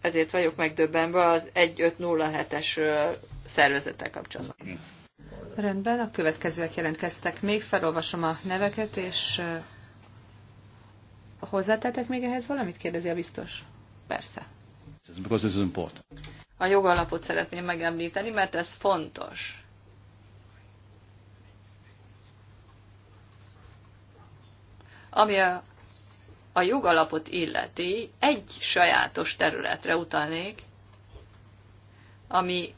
Ezért vagyok megdöbbenve az 1507-es szervezettel kapcsolatban. Rendben, a következőek jelentkeztek még, felolvasom a neveket, és hozzátettek még ehhez valamit, kérdezi a biztos. Persze. A jogalapot szeretném megemlíteni, mert ez fontos. Ami a, a jogalapot illeti, egy sajátos területre utalnék, ami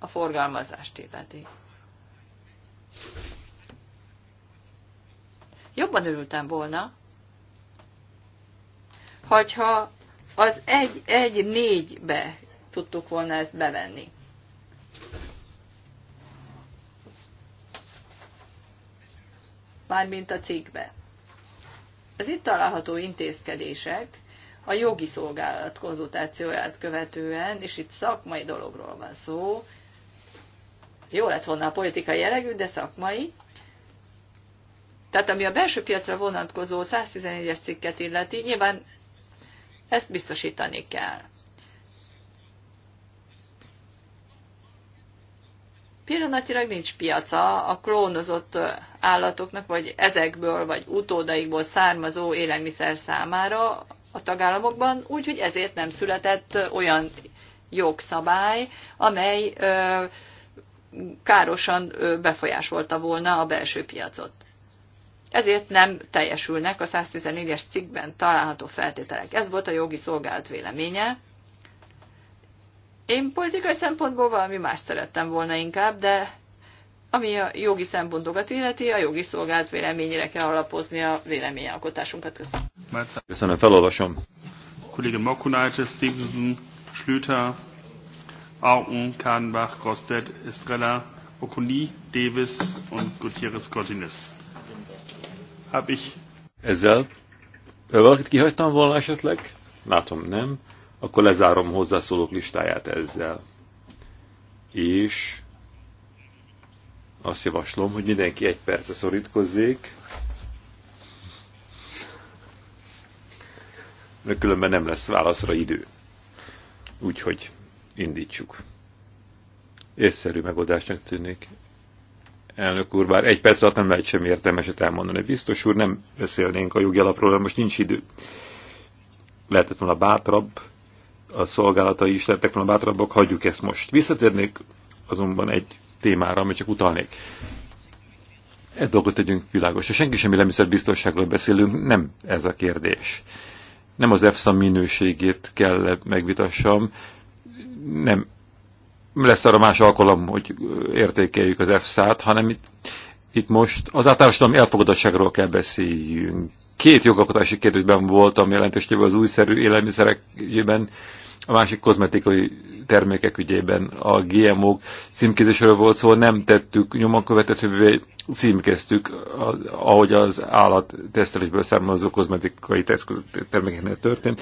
a forgalmazást illeti. Jobban örültem volna, hogyha az 1-1-4-be tudtuk volna ezt bevenni. Mármint a cikkbe. Az itt található intézkedések a jogi szolgálat konzultációját követően, és itt szakmai dologról van szó, jó lett volna a politikai jellegű, de szakmai. Tehát ami a belső piacra vonatkozó 111-es cikket illeti, nyilván ezt biztosítani kell. Pillanatilag nincs piaca a klónozott állatoknak, vagy ezekből, vagy utódaikból származó élelmiszer számára a tagállamokban, úgyhogy ezért nem született olyan jogszabály, amely ö, károsan befolyásolta volna a belső piacot. Ezért nem teljesülnek a 114-es cikkben található feltételek. Ez volt a jogi szolgálat véleménye. Én politikai szempontból valami más szerettem volna inkább, de ami a jogi szempontokat illeti, a jogi szolgált véleményére kell alapozni a véleményalkotásunkat. Köszönöm. Köszönöm, felolvasom. Kollége Makunaitis, Stevenson, Schlüter, Aung Kahnbach, Grosstedt, Estrella, Okuni, Davis und Gutierrez Cortines. Hab ich... Ezzel valakit kihagytam volna esetleg? Látom, nem. Akkor lezárom hozzászólók listáját ezzel. És azt javaslom, hogy mindenki egy percre szorítkozzék. Mert különben nem lesz válaszra idő. Úgyhogy indítsuk. Észszerű megoldásnak tűnik. Elnök úr, bár egy perc alatt nem lehet semmi értelmeset elmondani. Biztos úr, nem beszélnénk a alapról. most nincs idő. Lehetett volna bátrabb, a szolgálatai is lettek volna bátrabbak, hagyjuk ezt most. Visszatérnék azonban egy témára, amit csak utalnék. Egy dolgot tegyünk világos. Ha senki sem élelmiszerbiztonságról beszélünk, nem ez a kérdés. Nem az EFSA minőségét kell megvitassam, nem lesz arra más alkalom, hogy értékeljük az EFSA-t, hanem itt, itt most az általánosan elfogadottságról kell beszéljünk. Két jogalkotási kérdésben voltam jelentősében az újszerű élelmiszerek ügyében, a másik kozmetikai termékek ügyében a GMO-k címkézésről volt szó, szóval nem tettük nyomon követetővé, címkeztük, ahogy az állat tesztelésből származó kozmetikai termékeknél történt.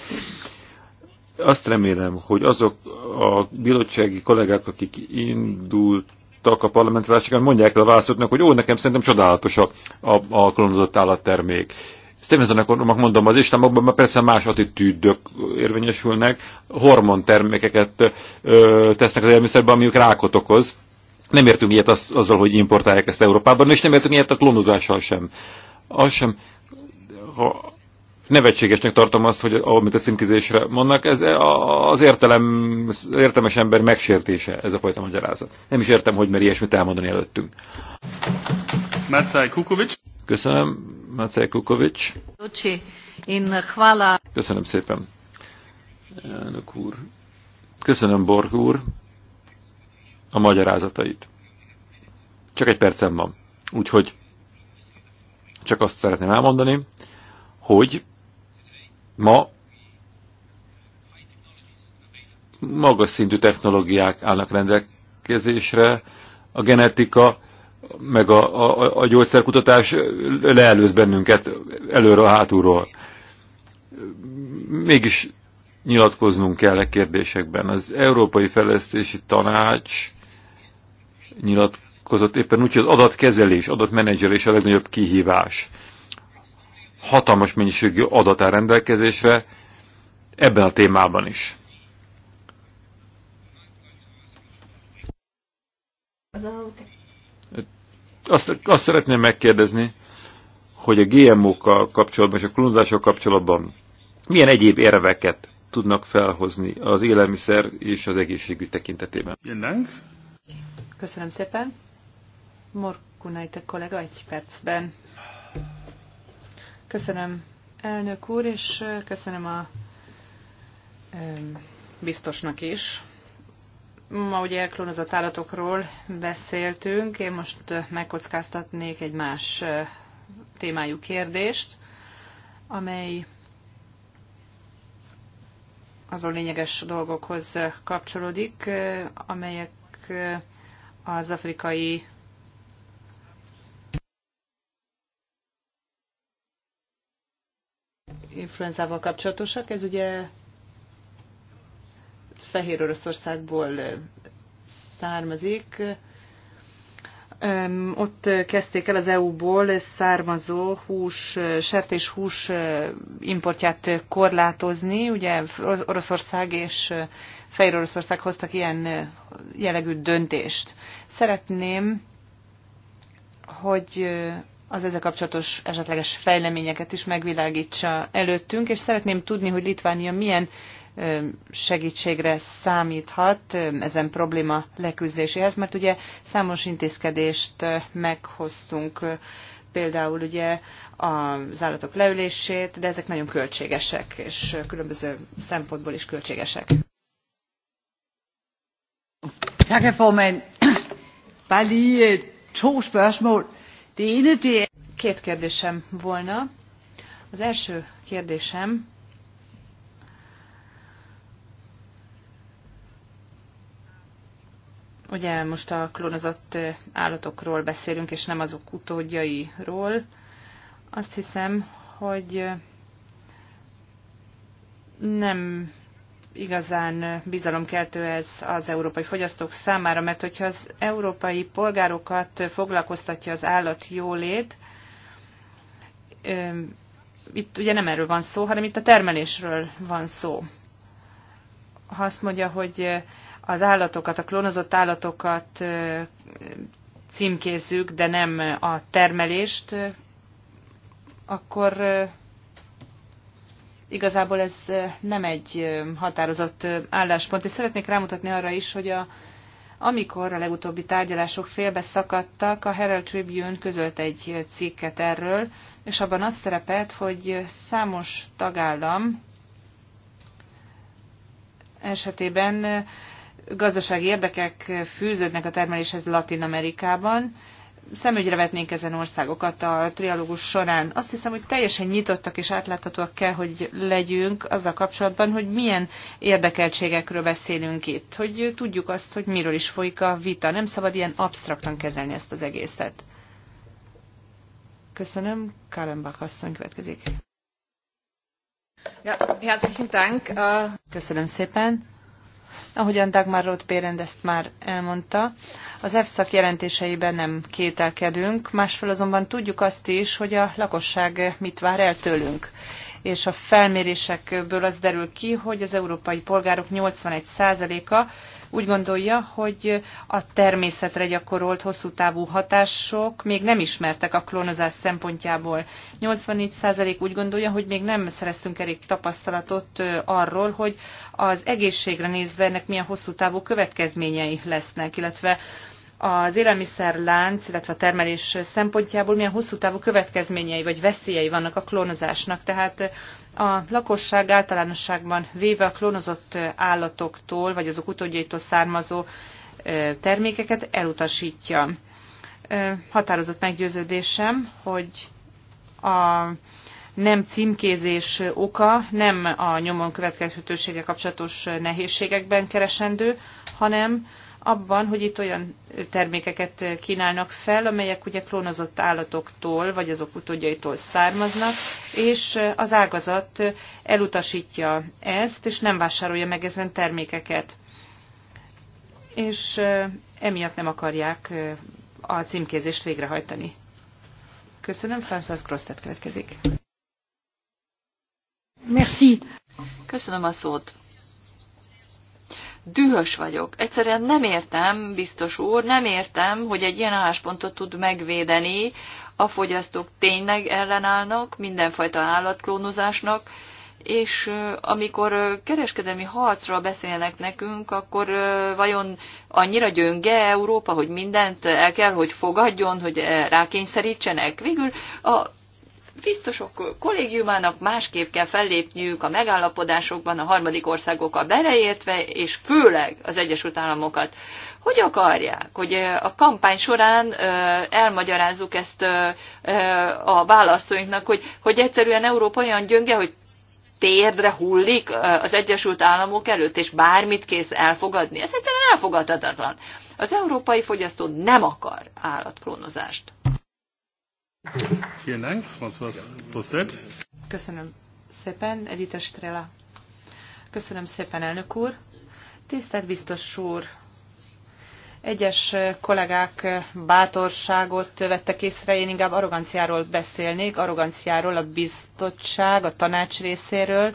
Azt remélem, hogy azok a bizottsági kollégák, akik indultak a parlamentválságon, mondják le a válaszoknak, hogy ó, nekem szerintem csodálatos a, a, a klónozott állattermék. Stevenson-nak mondom, az islámokban már persze más attitűdök érvényesülnek, hormontermékeket ö, tesznek az élmiszerbe, ami rákot okoz. Nem értünk ilyet az, azzal, hogy importálják ezt Európában, és nem értünk ilyet a klónozással sem. Az sem, ha nevetségesnek tartom azt, hogy amit a címkézésre mondnak, ez az értelem, az értelmes ember megsértése, ez a fajta magyarázat. Nem is értem, hogy mer ilyesmit elmondani előttünk. Mácáj Kukovics. Köszönöm, Mácáj Kukovics. Köszönöm szépen. Elnök úr. Köszönöm, Borg úr, a magyarázatait. Csak egy percem van, úgyhogy csak azt szeretném elmondani, hogy Ma magas szintű technológiák állnak rendelkezésre, a genetika meg a, a, a gyógyszerkutatás leelőz bennünket a hátulról. Mégis nyilatkoznunk kell a e kérdésekben. Az Európai Fejlesztési Tanács nyilatkozott éppen úgy, hogy az adatkezelés, adatmenedzselés a legnagyobb kihívás hatalmas mennyiségű adat áll rendelkezésre ebben a témában is. Azt, azt szeretném megkérdezni, hogy a GMO-kkal kapcsolatban és a klónozással kapcsolatban milyen egyéb érveket tudnak felhozni az élelmiszer és az egészségügy tekintetében. Köszönöm szépen. Morkunajta kollega egy percben. Köszönöm elnök úr, és köszönöm a biztosnak is. Ma ugye elklónozott állatokról beszéltünk, én most megkockáztatnék egy más témájú kérdést, amely azon lényeges dolgokhoz kapcsolódik, amelyek az afrikai influenzával kapcsolatosak. Ez ugye Fehér Oroszországból származik. Ott kezdték el az EU-ból származó hús, sertés hús importját korlátozni. Ugye Oroszország és Fehér Oroszország hoztak ilyen jellegű döntést. Szeretném, hogy az ezzel kapcsolatos esetleges fejleményeket is megvilágítsa előttünk, és szeretném tudni, hogy Litvánia milyen segítségre számíthat ezen probléma leküzdéséhez, mert ugye számos intézkedést meghoztunk, például ugye az állatok leülését, de ezek nagyon költségesek, és különböző szempontból is költségesek. Tak, formand. Bare lige øh, to spørgsmål. Két kérdésem volna. Az első kérdésem Ugye most a klónozott eh, állatokról beszélünk, és nem azok utódjairól. Azt hiszem, hogy eh, nem igazán bizalomkeltő ez az európai fogyasztók számára, mert hogyha az európai polgárokat foglalkoztatja az állat jólét, itt ugye nem erről van szó, hanem itt a termelésről van szó. Ha azt mondja, hogy az állatokat, a klónozott állatokat címkézzük, de nem a termelést, akkor Igazából ez nem egy határozott álláspont, és szeretnék rámutatni arra is, hogy a, amikor a legutóbbi tárgyalások félbe szakadtak, a Herald Tribune közölt egy cikket erről, és abban az szerepelt, hogy számos tagállam esetében gazdasági érdekek fűződnek a termeléshez Latin Amerikában, szemügyre vetnénk ezen országokat a trialógus során. Azt hiszem, hogy teljesen nyitottak és átláthatóak kell, hogy legyünk azzal kapcsolatban, hogy milyen érdekeltségekről beszélünk itt, hogy tudjuk azt, hogy miről is folyik a vita. Nem szabad ilyen absztraktan kezelni ezt az egészet. Köszönöm. Kálenbach asszony következik. Ja, herzlichen Dank. Köszönöm szépen. Ahogyan Dagmar Roth Bérend ezt már elmondta, az EFSZAK jelentéseiben nem kételkedünk, másfél azonban tudjuk azt is, hogy a lakosság mit vár el tőlünk és a felmérésekből az derül ki, hogy az európai polgárok 81%-a úgy gondolja, hogy a természetre gyakorolt hosszú távú hatások még nem ismertek a klónozás szempontjából. 84% úgy gondolja, hogy még nem szereztünk elég tapasztalatot arról, hogy az egészségre nézve ennek milyen hosszú távú következményei lesznek, illetve az élelmiszerlánc, illetve a termelés szempontjából milyen hosszú távú következményei vagy veszélyei vannak a klónozásnak. Tehát a lakosság általánosságban véve a klónozott állatoktól, vagy azok utódjaitól származó termékeket elutasítja. Határozott meggyőződésem, hogy a nem címkézés oka nem a nyomon következhetősége kapcsolatos nehézségekben keresendő, hanem abban, hogy itt olyan termékeket kínálnak fel, amelyek ugye klónozott állatoktól, vagy azok utódjaitól származnak, és az ágazat elutasítja ezt, és nem vásárolja meg ezen termékeket. És emiatt nem akarják a címkézést végrehajtani. Köszönöm, François Grosztet következik. Merci. Köszönöm a szót dühös vagyok. Egyszerűen nem értem, biztos úr, nem értem, hogy egy ilyen álláspontot tud megvédeni, a fogyasztók tényleg ellenállnak mindenfajta állatklónozásnak, és amikor kereskedelmi harcra beszélnek nekünk, akkor vajon annyira gyönge Európa, hogy mindent el kell, hogy fogadjon, hogy rákényszerítsenek? Végül a biztosok kollégiumának másképp kell fellépniük a megállapodásokban a harmadik országokkal beleértve, és főleg az Egyesült Államokat. Hogy akarják, hogy a kampány során elmagyarázzuk ezt a választóinknak, hogy, hogy egyszerűen Európa olyan gyönge, hogy térdre hullik az Egyesült Államok előtt, és bármit kész elfogadni. Ez egyszerűen elfogadhatatlan. Az európai fogyasztó nem akar állatklónozást. Köszönöm szépen, Edita Strela. Köszönöm szépen, elnök úr. Tisztelt biztos úr, egyes kollégák bátorságot vettek észre, én inkább arroganciáról beszélnék, arroganciáról a biztottság, a tanács részéről,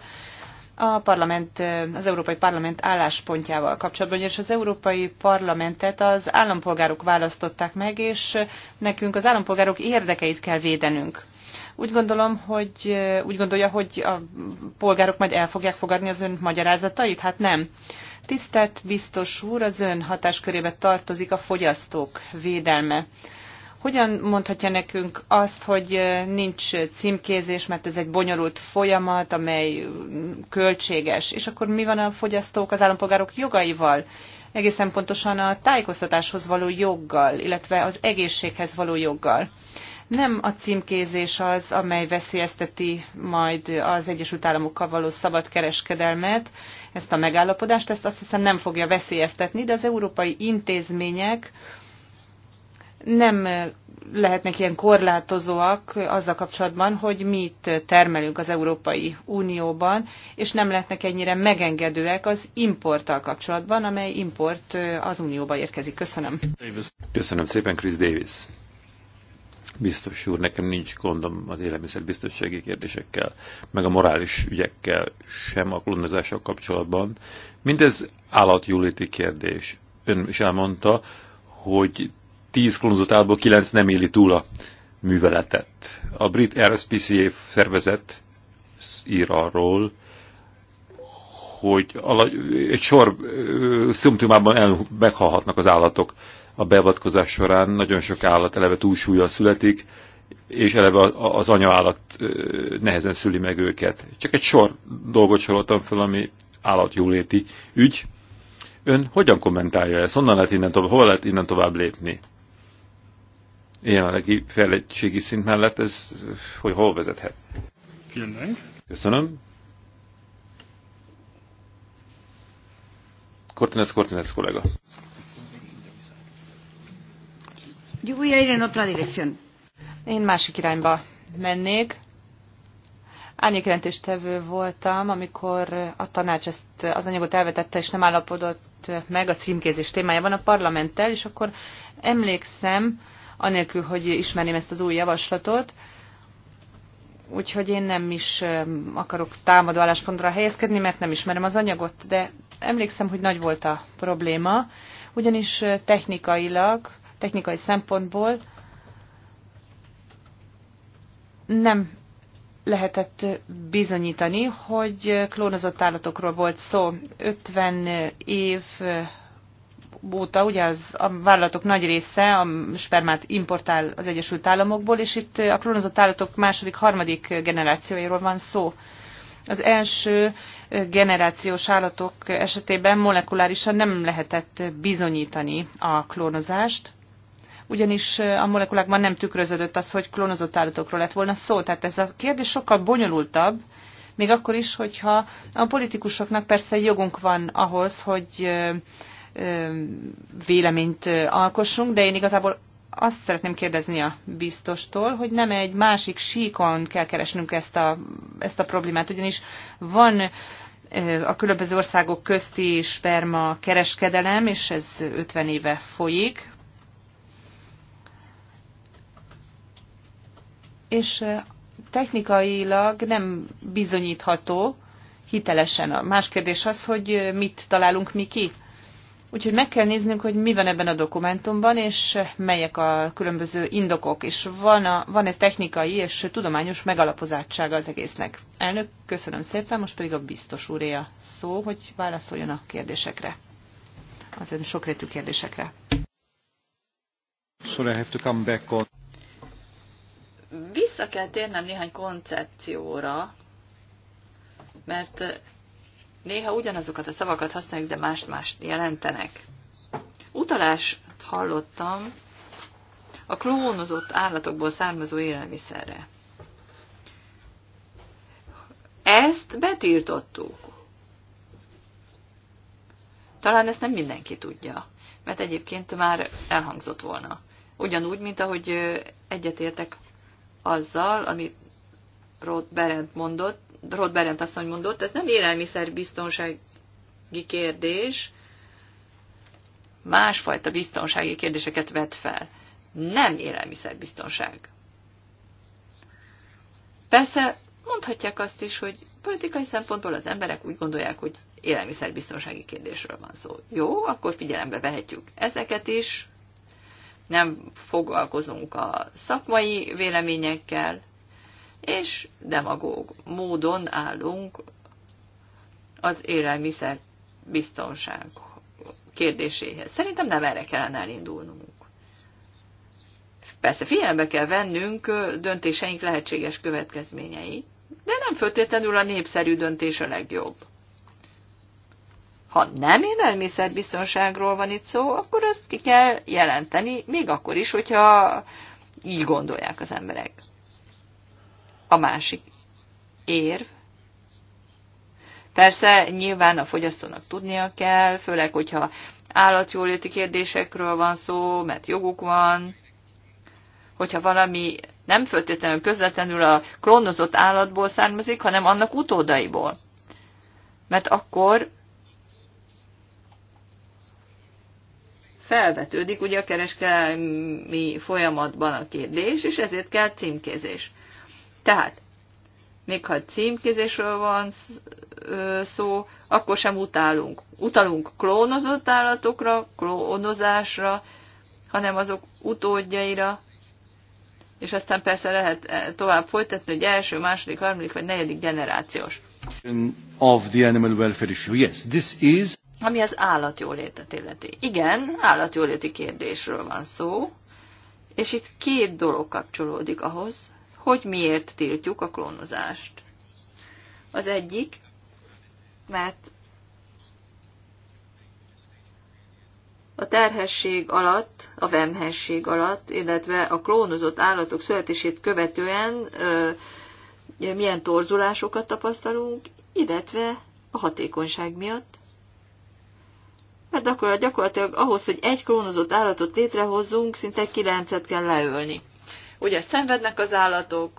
a parlament, az Európai Parlament álláspontjával kapcsolatban, és az Európai Parlamentet az állampolgárok választották meg, és nekünk az állampolgárok érdekeit kell védenünk. Úgy gondolom, hogy úgy gondolja, hogy a polgárok majd el fogják fogadni az ön magyarázatait? Hát nem. Tisztelt biztos úr, az ön hatáskörébe tartozik a fogyasztók védelme. Hogyan mondhatja nekünk azt, hogy nincs címkézés, mert ez egy bonyolult folyamat, amely költséges, és akkor mi van a fogyasztók, az állampolgárok jogaival? egészen pontosan a tájékoztatáshoz való joggal, illetve az egészséghez való joggal. Nem a címkézés az, amely veszélyezteti majd az Egyesült Államokkal való szabad kereskedelmet, ezt a megállapodást, ezt azt hiszem nem fogja veszélyeztetni, de az európai intézmények nem lehetnek ilyen korlátozóak azzal kapcsolatban, hogy mit termelünk az Európai Unióban, és nem lehetnek ennyire megengedőek az importtal kapcsolatban, amely import az Unióba érkezik. Köszönöm. Köszönöm szépen, Chris Davis. Biztos úr, nekem nincs gondom az biztonsági kérdésekkel, meg a morális ügyekkel sem a klónozással kapcsolatban. Mindez állatjúléti kérdés. Ön is elmondta, hogy 10 klónozott állatból 9 nem éli túl a műveletet. A brit RSPCA szervezet ír arról, hogy egy sor szimptomában el, meghalhatnak az állatok a beavatkozás során. Nagyon sok állat eleve túlsúlyan születik, és eleve az anyaállat nehezen szüli meg őket. Csak egy sor dolgot soroltam fel, ami állatjóléti ügy. Ön hogyan kommentálja ezt? Honnan lehet innen tovább, hova lehet innen tovább lépni? jelenlegi fejlettségi szint mellett ez hogy hol vezethet? Kérlek. Köszönöm. Cortines, Cortines kollega. Yo voy a ir en otra dirección. Én másik irányba mennék. Árnyékjelentéstevő voltam, amikor a tanács ezt az anyagot elvetette, és nem állapodott meg a címkézés témájában a parlamenttel, és akkor emlékszem, anélkül, hogy ismerném ezt az új javaslatot. Úgyhogy én nem is akarok támadó álláspontra helyezkedni, mert nem ismerem az anyagot, de emlékszem, hogy nagy volt a probléma, ugyanis technikailag, technikai szempontból nem lehetett bizonyítani, hogy klónozott állatokról volt szó. 50 év óta ugye az, a vállalatok nagy része a spermát importál az Egyesült Államokból, és itt a klónozott állatok második, harmadik generációjáról van szó. Az első generációs állatok esetében molekulárisan nem lehetett bizonyítani a klónozást, ugyanis a molekulákban nem tükröződött az, hogy klónozott állatokról lett volna szó. Tehát ez a kérdés sokkal bonyolultabb, még akkor is, hogyha a politikusoknak persze jogunk van ahhoz, hogy véleményt alkossunk, de én igazából azt szeretném kérdezni a biztostól, hogy nem egy másik síkon kell keresnünk ezt a, ezt a problémát, ugyanis van a különböző országok közti sperma kereskedelem, és ez 50 éve folyik. És technikailag nem bizonyítható hitelesen. A más kérdés az, hogy mit találunk mi ki Úgyhogy meg kell néznünk, hogy mi van ebben a dokumentumban, és melyek a különböző indokok, és van-e van technikai és tudományos megalapozátsága az egésznek. Elnök, köszönöm szépen, most pedig a biztos úré a szó, hogy válaszoljon a kérdésekre, az ön sokrétű kérdésekre. Sorry, I have to come back on. Vissza kell térnem néhány koncepcióra, mert Néha ugyanazokat a szavakat használjuk, de mást-mást jelentenek. Utalás hallottam a klónozott állatokból származó élelmiszerre. Ezt betiltottuk. Talán ezt nem mindenki tudja, mert egyébként már elhangzott volna. Ugyanúgy, mint ahogy egyetértek azzal, amit Roth Berend mondott, Roth Berent asszony mondott, ez nem élelmiszerbiztonsági kérdés, másfajta biztonsági kérdéseket vet fel. Nem élelmiszerbiztonság. Persze mondhatják azt is, hogy politikai szempontból az emberek úgy gondolják, hogy élelmiszerbiztonsági kérdésről van szó. Jó, akkor figyelembe vehetjük ezeket is, nem foglalkozunk a szakmai véleményekkel, és demagóg módon állunk az élelmiszer biztonság kérdéséhez. Szerintem nem erre kellene elindulnunk. Persze figyelembe kell vennünk döntéseink lehetséges következményei, de nem föltétlenül a népszerű döntés a legjobb. Ha nem biztonságról van itt szó, akkor ezt ki kell jelenteni, még akkor is, hogyha így gondolják az emberek a másik érv. Persze nyilván a fogyasztónak tudnia kell, főleg, hogyha állatjóléti kérdésekről van szó, mert joguk van, hogyha valami nem föltétlenül közvetlenül a klónozott állatból származik, hanem annak utódaiból. Mert akkor felvetődik ugye a kereskedelmi folyamatban a kérdés, és ezért kell címkézés. Tehát, még ha címkézésről van szó, akkor sem utálunk. Utalunk klónozott állatokra, klónozásra, hanem azok utódjaira, és aztán persze lehet e, tovább folytatni, hogy első, második, harmadik vagy negyedik generációs. Of the animal welfare issue. Yes, this is... Ami az állatjólétet illeti. Igen, állatjóléti kérdésről van szó, és itt két dolog kapcsolódik ahhoz, hogy miért tiltjuk a klónozást. Az egyik, mert a terhesség alatt, a vemhesség alatt, illetve a klónozott állatok születését követően ö, milyen torzulásokat tapasztalunk, illetve a hatékonyság miatt. Mert hát akkor gyakorlatilag ahhoz, hogy egy klónozott állatot létrehozzunk, szinte kilencet kell leölni ugye szenvednek az állatok,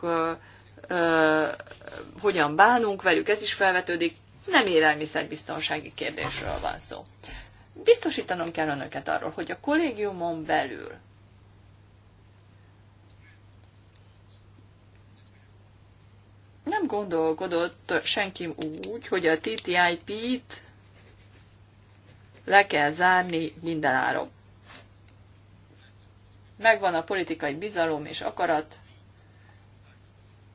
hogyan bánunk velük, ez is felvetődik, nem élelmiszerbiztonsági kérdésről van szó. Biztosítanom kell önöket arról, hogy a kollégiumon belül nem gondolkodott senki úgy, hogy a TTIP-t le kell zárni mindenáron megvan a politikai bizalom és akarat,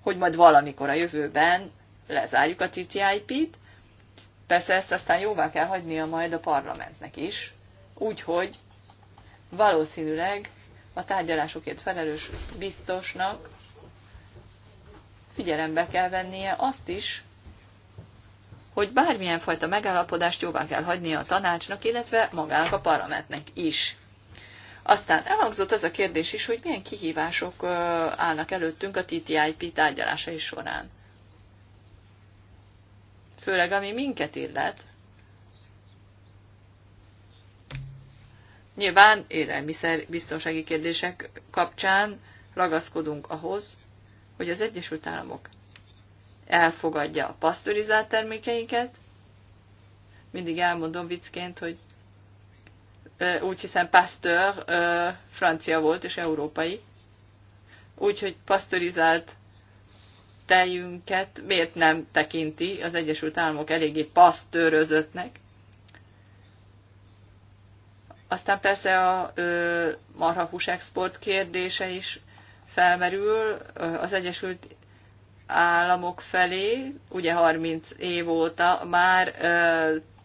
hogy majd valamikor a jövőben lezárjuk a TTIP-t. Persze ezt aztán jóvá kell hagynia majd a parlamentnek is, úgyhogy valószínűleg a tárgyalásokért felelős biztosnak figyelembe kell vennie azt is, hogy bármilyen fajta megállapodást jóvá kell hagynia a tanácsnak, illetve magának a parlamentnek is. Aztán elhangzott ez a kérdés is, hogy milyen kihívások állnak előttünk a TTIP tárgyalásai során. Főleg ami minket illet. Nyilván élelmiszer biztonsági kérdések kapcsán ragaszkodunk ahhoz, hogy az Egyesült Államok elfogadja a pasztorizált termékeinket. Mindig elmondom viccként, hogy úgy hiszem Pasteur francia volt és európai, úgyhogy pasteurizált tejünket miért nem tekinti az Egyesült Államok eléggé pasztőrözöttnek. Aztán persze a ö, marhahús export kérdése is felmerül az Egyesült Államok felé, ugye 30 év óta már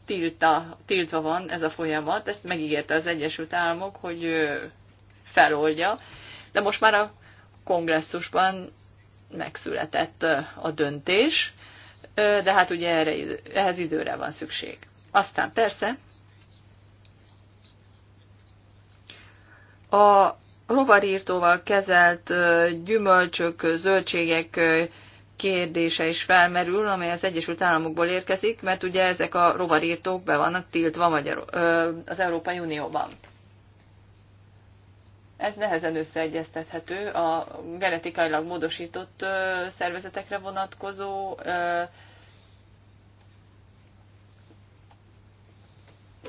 tilta, tiltva van ez a folyamat, ezt megígérte az Egyesült Államok, hogy feloldja, de most már a kongresszusban megszületett a döntés, de hát ugye erre, ehhez időre van szükség. Aztán persze a rovarírtóval kezelt gyümölcsök, zöldségek kérdése is felmerül, amely az Egyesült Államokból érkezik, mert ugye ezek a rovarírtók be vannak tiltva Magyar, ö, az Európai Unióban. Ez nehezen összeegyeztethető a genetikailag módosított ö, szervezetekre vonatkozó ö,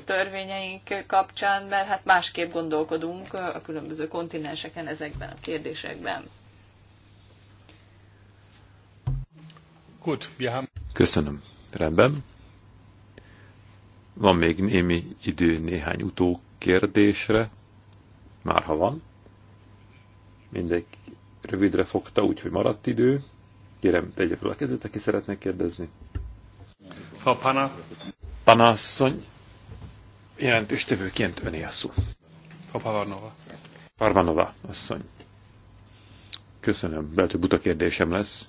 törvényeink kapcsán, mert hát másképp gondolkodunk a különböző kontinenseken ezekben a kérdésekben. Gut, wir haben... Köszönöm. Rendben. Van még némi idő néhány utókérdésre, már ha van. Mindegy rövidre fogta, úgyhogy maradt idő. Kérem, tegye fel a kezét, aki szeretne kérdezni. Ha Pana. Pana asszony, jelentéstevőként öné a szó. Ha Parvanova. Parvanova asszony. Köszönöm, lehet, hogy buta kérdésem lesz.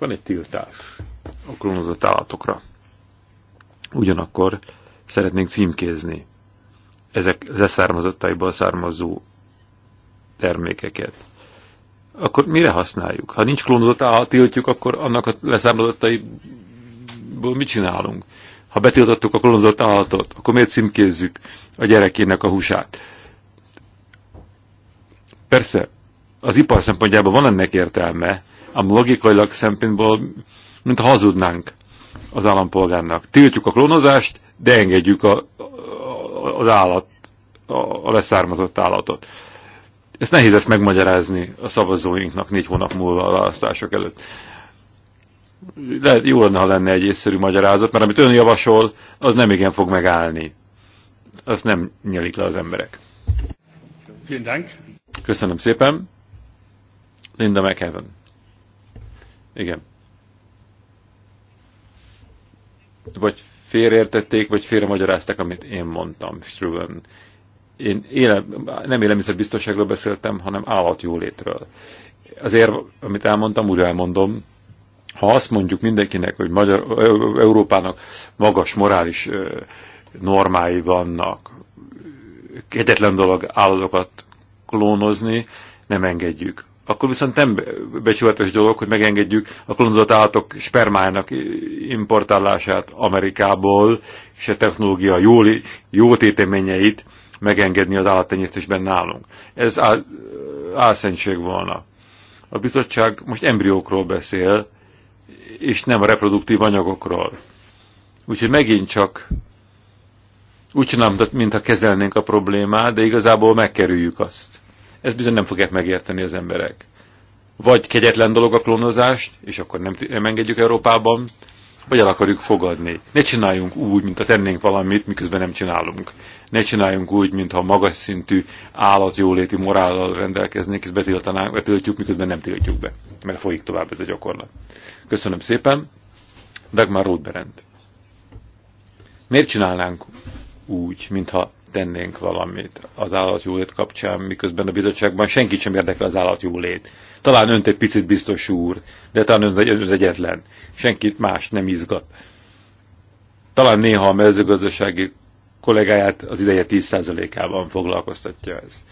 Van egy tiltás a klónozott állatokra. Ugyanakkor szeretnénk címkézni ezek leszármazottaiból származó termékeket. Akkor mire használjuk? Ha nincs klónozott állat, tiltjuk, akkor annak a leszármazottaiból mit csinálunk? Ha betiltottuk a klónozott állatot, akkor miért címkézzük a gyerekének a húsát? Persze, az ipar szempontjából van ennek értelme, ám logikailag szempontból, mint hazudnánk az állampolgárnak. Tiltjuk a klónozást, de engedjük a, a, az állat, a, a leszármazott állatot. Ezt nehéz ezt megmagyarázni a szavazóinknak négy hónap múlva a választások előtt. De jó lenne, ha lenne egy észszerű magyarázat, mert amit ön javasol, az nem igen fog megállni. Azt nem nyelik le az emberek. Köszönöm szépen. Linda McEwen. Igen. Vagy félreértették, vagy félremagyarázták, amit én mondtam, Struven. Én éle, nem biztonságról beszéltem, hanem állatjólétről. Azért, amit elmondtam, úgy elmondom, ha azt mondjuk mindenkinek, hogy Magyar, Európának magas morális normái vannak, egyetlen dolog állatokat klónozni, nem engedjük akkor viszont nem becsületes dolog, hogy megengedjük a klónozott állatok spermájának importálását Amerikából, és a technológia jó, jó téteményeit megengedni az állattenyésztésben nálunk. Ez álszentség volna. A bizottság most embriókról beszél, és nem a reproduktív anyagokról. Úgyhogy megint csak úgy csinálom, mintha kezelnénk a problémát, de igazából megkerüljük azt ezt bizony nem fogják megérteni az emberek. Vagy kegyetlen dolog a klónozást, és akkor nem, nem engedjük Európában, vagy el akarjuk fogadni. Ne csináljunk úgy, mintha tennénk valamit, miközben nem csinálunk. Ne csináljunk úgy, mintha magas szintű állatjóléti morállal rendelkeznék, és betiltanánk, betiltjuk, miközben nem tiltjuk be. Mert folyik tovább ez a gyakorlat. Köszönöm szépen. Dagmar Rothberend. Miért csinálnánk úgy, mintha tennénk valamit az állatjólét kapcsán, miközben a bizottságban senki sem érdekel az állatjólét. Talán önt egy picit biztos úr, de talán ön az egyetlen. Senkit más nem izgat. Talán néha a mezőgazdasági kollégáját az ideje 10%-ában foglalkoztatja ez.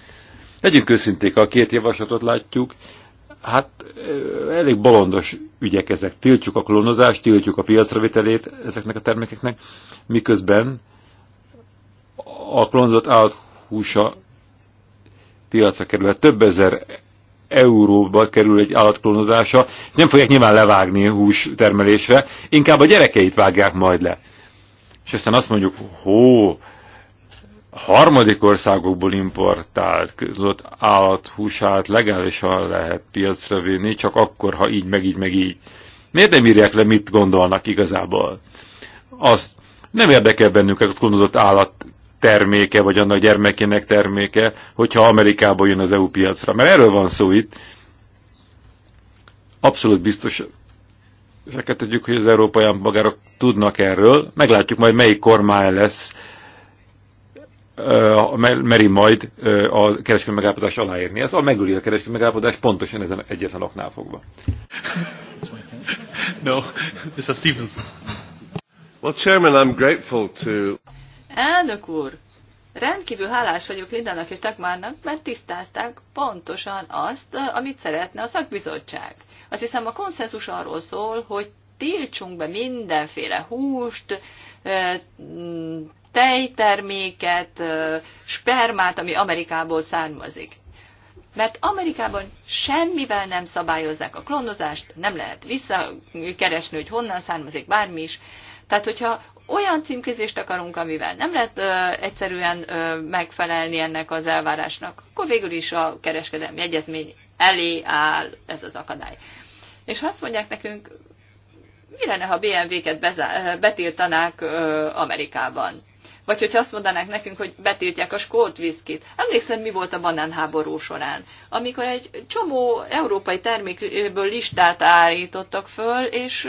Legyünk őszinték, a két javaslatot látjuk, hát elég bolondos ügyek ezek. Tiltjuk a klónozást, tiltjuk a piacra vitelét ezeknek a termékeknek, miközben a klonzott állathúsa piacra kerül, hát Több ezer euróba kerül egy állatklónozása, nem fogják nyilván levágni hús termelésre, inkább a gyerekeit vágják majd le. És aztán azt mondjuk, hó, harmadik országokból importált között állathúsát legálisan lehet piacra vinni, csak akkor, ha így, meg így, meg így. Miért nem írják le, mit gondolnak igazából? Azt nem érdekel bennünket a klónozott állat terméke, vagy annak gyermekének terméke, hogyha Amerikába jön az EU piacra. Mert erről van szó itt. Abszolút biztos, ezeket tudjuk, hogy az európai állampolgárok tudnak erről. Meglátjuk majd, melyik kormány lesz, meri majd a kereskedelmi megállapodás aláírni. Ez a megüli a kereskedelmi megállapodás pontosan ezen egyetlen oknál fogva. No, Mr. Stevens. Well, Chairman, I'm grateful to... Elnök úr, rendkívül hálás vagyok Lindának és Dagmárnak, mert tisztázták pontosan azt, amit szeretne a szakbizottság. Azt hiszem a konszenzus arról szól, hogy tiltsunk be mindenféle húst, tejterméket, spermát, ami Amerikából származik. Mert Amerikában semmivel nem szabályozzák a klónozást, nem lehet visszakeresni, hogy honnan származik bármi is. Tehát, hogyha olyan címkézést akarunk, amivel nem lehet ö, egyszerűen ö, megfelelni ennek az elvárásnak, akkor végül is a kereskedelmi egyezmény elé áll ez az akadály. És ha azt mondják nekünk, mi lenne, ha BMW-ket betiltanák ö, Amerikában? Vagy hogyha azt mondanák nekünk, hogy betiltják a skót viszkit. Emlékszem, mi volt a banánháború során, amikor egy csomó európai termékből listát állítottak föl, és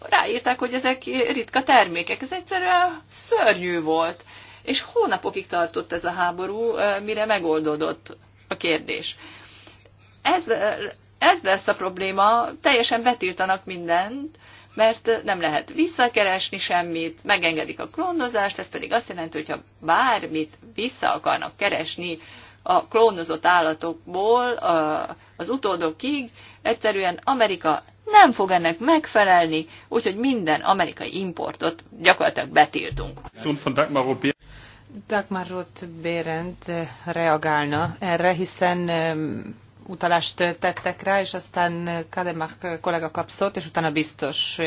ráírták, hogy ezek ritka termékek. Ez egyszerűen szörnyű volt. És hónapokig tartott ez a háború, mire megoldódott a kérdés. Ez, ez lesz a probléma, teljesen betiltanak mindent, mert nem lehet visszakeresni semmit, megengedik a klónozást, ez pedig azt jelenti, hogy ha bármit vissza akarnak keresni a klónozott állatokból az utódokig, egyszerűen Amerika nem fog ennek megfelelni, úgyhogy minden amerikai importot gyakorlatilag betiltunk. Dagmar Roth Bérend reagálna erre, hiszen utalást tettek rá, és aztán Kademak kollega kap szót, és utána biztos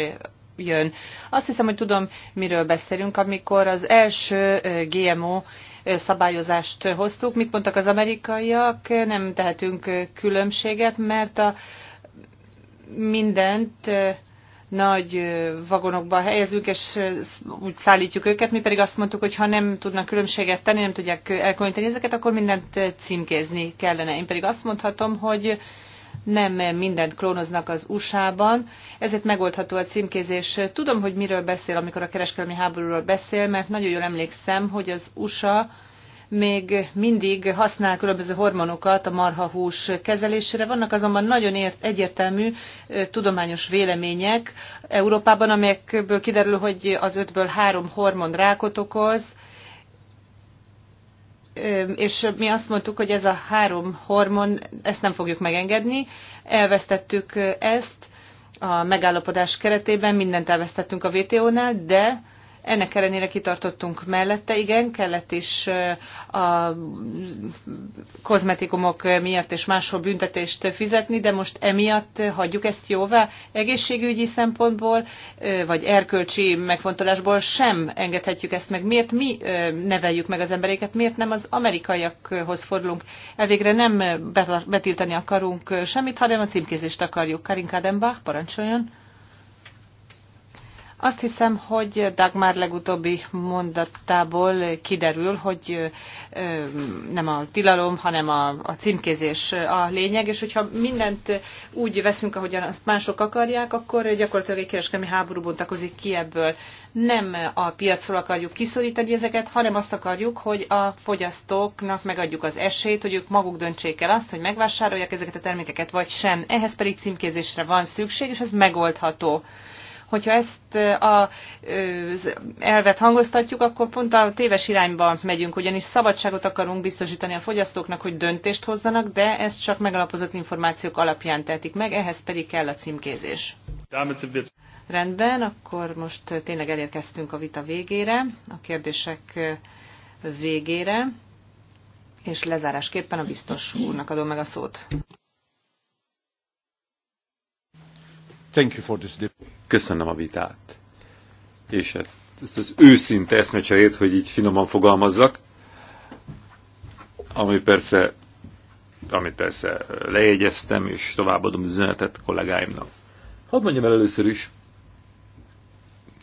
jön. Azt hiszem, hogy tudom, miről beszélünk, amikor az első GMO szabályozást hoztuk. Mit mondtak az amerikaiak? Nem tehetünk különbséget, mert a mindent nagy vagonokba helyezünk, és úgy szállítjuk őket. Mi pedig azt mondtuk, hogy ha nem tudnak különbséget tenni, nem tudják elkülöníteni ezeket, akkor mindent címkézni kellene. Én pedig azt mondhatom, hogy nem mindent klónoznak az USA-ban, ezért megoldható a címkézés. Tudom, hogy miről beszél, amikor a kereskedelmi háborúról beszél, mert nagyon jól emlékszem, hogy az USA még mindig használ különböző hormonokat a marhahús kezelésére. Vannak azonban nagyon ért, egyértelmű tudományos vélemények Európában, amelyekből kiderül, hogy az ötből három hormon rákot okoz, és mi azt mondtuk, hogy ez a három hormon, ezt nem fogjuk megengedni, elvesztettük ezt a megállapodás keretében, mindent elvesztettünk a WTO-nál, de ennek ellenére kitartottunk mellette, igen, kellett is a kozmetikumok miatt és máshol büntetést fizetni, de most emiatt hagyjuk ezt jóvá egészségügyi szempontból, vagy erkölcsi megfontolásból sem engedhetjük ezt meg. Miért mi neveljük meg az embereket, miért nem az amerikaiakhoz fordulunk? Elvégre nem betiltani akarunk semmit, hanem a címkézést akarjuk. Karin Kadenbach, parancsoljon! Azt hiszem, hogy Dagmar legutóbbi mondatából kiderül, hogy nem a tilalom, hanem a, a címkézés a lényeg, és hogyha mindent úgy veszünk, ahogyan azt mások akarják, akkor gyakorlatilag egy kereskedelmi háború bontakozik ki ebből. Nem a piacról akarjuk kiszorítani ezeket, hanem azt akarjuk, hogy a fogyasztóknak megadjuk az esélyt, hogy ők maguk döntsék el azt, hogy megvásárolják ezeket a termékeket, vagy sem. Ehhez pedig címkézésre van szükség, és ez megoldható. Hogyha ezt az elvet hangoztatjuk, akkor pont a téves irányba megyünk, ugyanis szabadságot akarunk biztosítani a fogyasztóknak, hogy döntést hozzanak, de ezt csak megalapozott információk alapján tehetik meg, ehhez pedig kell a címkézés. Rendben, akkor most tényleg elérkeztünk a vita végére, a kérdések végére, és lezárásképpen a biztos úrnak adom meg a szót. Thank you for this Köszönöm a vitát. És hát ezt az őszinte eszmecserét, hogy így finoman fogalmazzak, ami persze, amit persze lejegyeztem, és továbbadom üzenetet kollégáimnak. Hadd mondjam el először is,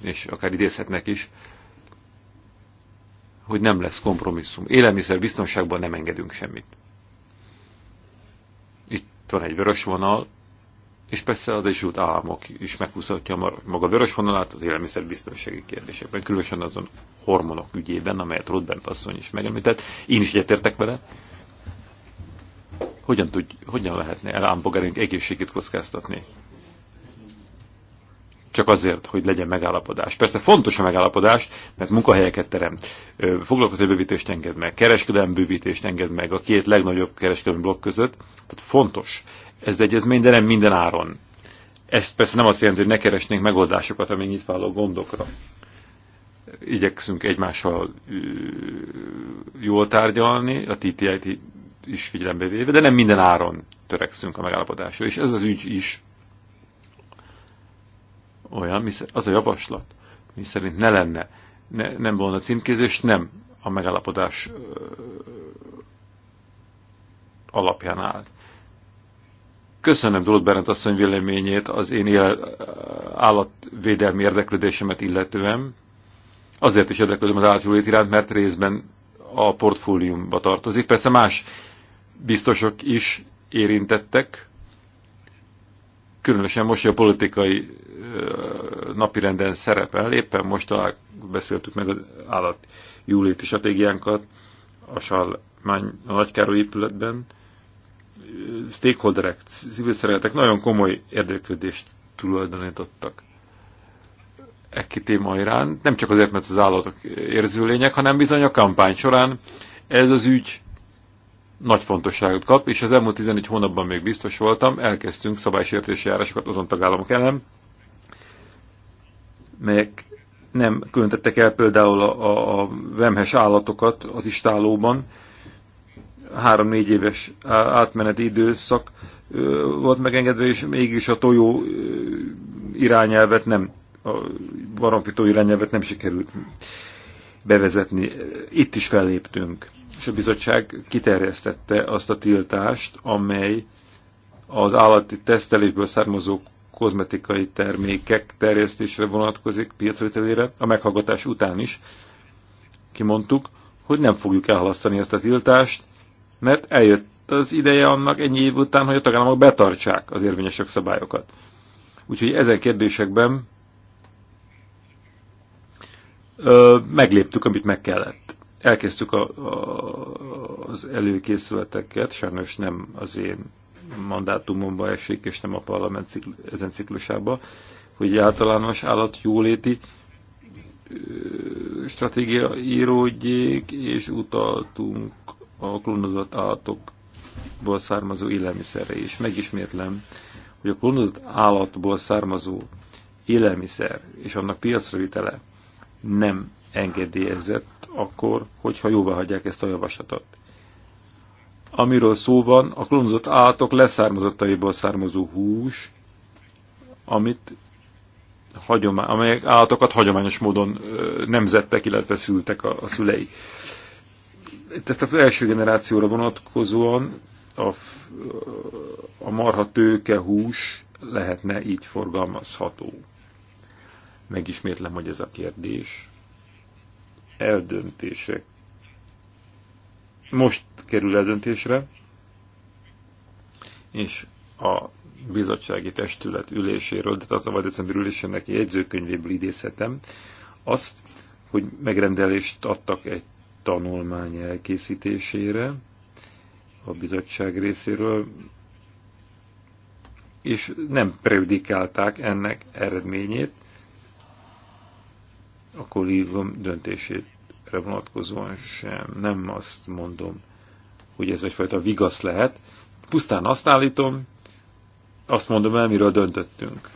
és akár idézhetnek is, hogy nem lesz kompromisszum. Élelmiszer biztonságban nem engedünk semmit. Itt van egy vörös vonal, és persze az Egyesült Államok is meghúzhatja maga vörös vonalát az élelmiszerbiztonsági kérdésekben, különösen azon hormonok ügyében, amelyet Rodbent asszony is megemlített. Én is egyetértek vele. Hogyan, tud, hogyan lehetne elámbogerünk egészségét kockáztatni? Csak azért, hogy legyen megállapodás. Persze fontos a megállapodás, mert munkahelyeket teremt. foglalkozó bővítést enged meg, kereskedelmi bővítést enged meg a két legnagyobb kereskedelmi blokk között. Tehát fontos ez egyezmény, de nem minden áron. Ez persze nem azt jelenti, hogy ne keresnénk megoldásokat a még nyitváló gondokra. Igyekszünk egymással jól tárgyalni, a TTIT is figyelembe véve, de nem minden áron törekszünk a megállapodásra. És ez az ügy is olyan, az a javaslat, mi szerint ne lenne, ne, nem volna címkézés, nem a megállapodás alapján áll. Köszönöm Dolott Berend asszony véleményét az én él, állatvédelmi érdeklődésemet illetően. Azért is érdeklődöm az állatjólét iránt, mert részben a portfóliumba tartozik. Persze más biztosok is érintettek, különösen most, hogy a politikai napirenden szerepel, éppen most beszéltük meg az állatjóléti stratégiánkat a Salmány a Nagykároly épületben, stakeholderek, civil szervezetek nagyon komoly érdeklődést tulajdonítottak eki téma irán. nem csak azért, mert az állatok érző lények, hanem bizony a kampány során ez az ügy nagy fontosságot kap, és az elmúlt 14 hónapban még biztos voltam, elkezdtünk szabálysértési járásokat azon tagállamok ellen, melyek nem különtettek el például a, a, a vemhes állatokat az istálóban, három-négy éves átmeneti időszak volt megengedve, és mégis a tojó irányelvet nem, a tojó irányelvet nem sikerült bevezetni. Itt is felléptünk, és a bizottság kiterjesztette azt a tiltást, amely az állati tesztelésből származó kozmetikai termékek terjesztésre vonatkozik piacvételére, a meghallgatás után is kimondtuk, hogy nem fogjuk elhalasztani ezt a tiltást, mert eljött az ideje annak ennyi év után, hogy a tagállamok betartsák az érvényes szabályokat. Úgyhogy ezen kérdésekben ö, megléptük, amit meg kellett. Elkezdtük a, a, az előkészületeket, sajnos nem az én mandátumomba esik, és nem a parlament cikl, ezen ciklusába, hogy egy általános jóléti stratégia íródjék, és utaltunk a klónozott állatokból származó élelmiszerre is. Megismétlem, hogy a klónozott állatból származó élelmiszer és annak piacra vitele nem engedélyezett akkor, hogyha jóvá hagyják ezt a javaslatot. Amiről szó van, a klónozott állatok leszármazottaiból származó hús, amit hagyomány, amelyek állatokat hagyományos módon nemzettek, illetve szültek a, a szülei tehát az első generációra vonatkozóan a, a marha tőke hús lehetne így forgalmazható. Megismétlem, hogy ez a kérdés. Eldöntések. Most kerül eldöntésre, és a bizottsági testület üléséről, de az a december ülésének jegyzőkönyvéből idézhetem, azt, hogy megrendelést adtak egy tanulmány elkészítésére a bizottság részéről, és nem predikálták ennek eredményét a kollégium döntésére vonatkozóan sem. Nem azt mondom, hogy ez egyfajta vigasz lehet. Pusztán azt állítom, azt mondom el, miről döntöttünk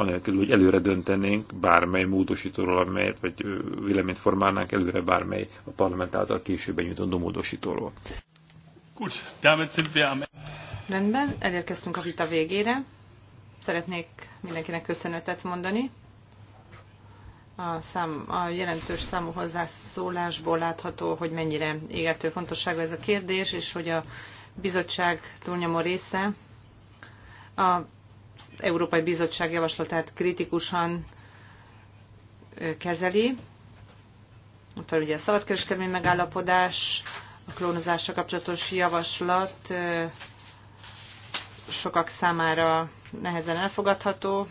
anélkül, hogy előre döntenénk bármely módosítóról, amelyet, vagy véleményt formálnánk előre bármely a parlament által később nyújtandó módosítóról. Gut, damit sind wir am... Rendben, elérkeztünk a vita végére. Szeretnék mindenkinek köszönetet mondani. A, szám, a jelentős számú hozzászólásból látható, hogy mennyire égető fontosságú ez a kérdés, és hogy a bizottság túlnyomó része a Európai Bizottság javaslatát kritikusan kezeli. Ott van ugye a szabadkereskedelmi megállapodás, a klónozásra kapcsolatos javaslat sokak számára nehezen elfogadható.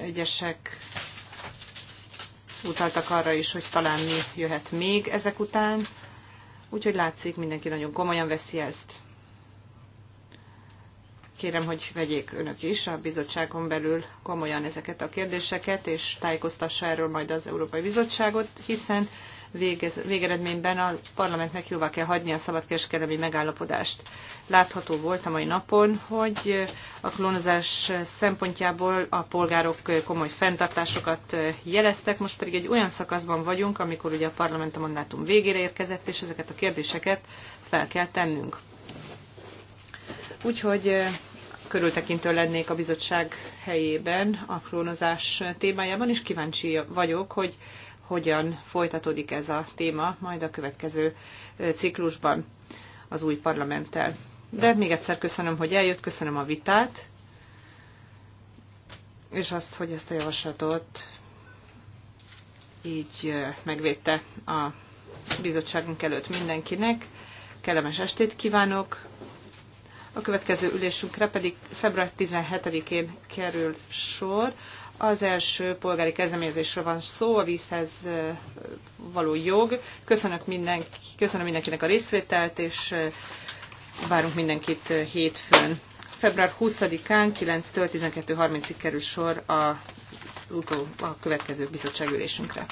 Egyesek utaltak arra is, hogy talán mi jöhet még ezek után. Úgyhogy látszik, mindenki nagyon komolyan veszi ezt. Kérem, hogy vegyék önök is a bizottságon belül komolyan ezeket a kérdéseket, és tájékoztassa erről majd az Európai Bizottságot, hiszen végez, végeredményben a parlamentnek jóvá kell hagyni a szabadkereskedelmi megállapodást. Látható volt a mai napon, hogy a klónozás szempontjából a polgárok komoly fenntartásokat jeleztek, most pedig egy olyan szakaszban vagyunk, amikor ugye a parlament a mandátum végére érkezett, és ezeket a kérdéseket fel kell tennünk. Úgyhogy körültekintő lennék a bizottság helyében a klónozás témájában, és kíváncsi vagyok, hogy hogyan folytatódik ez a téma majd a következő ciklusban az új parlamenttel. De még egyszer köszönöm, hogy eljött, köszönöm a vitát, és azt, hogy ezt a javaslatot így megvédte a bizottságunk előtt mindenkinek. Kellemes estét kívánok! a következő ülésünkre pedig február 17-én kerül sor. Az első polgári kezdeményezésről van szó, a vízhez való jog. Köszönök mindenki, köszönöm mindenkinek a részvételt, és várunk mindenkit hétfőn. Február 20-án 9-től 12.30-ig kerül sor a, a következő bizottságülésünkre.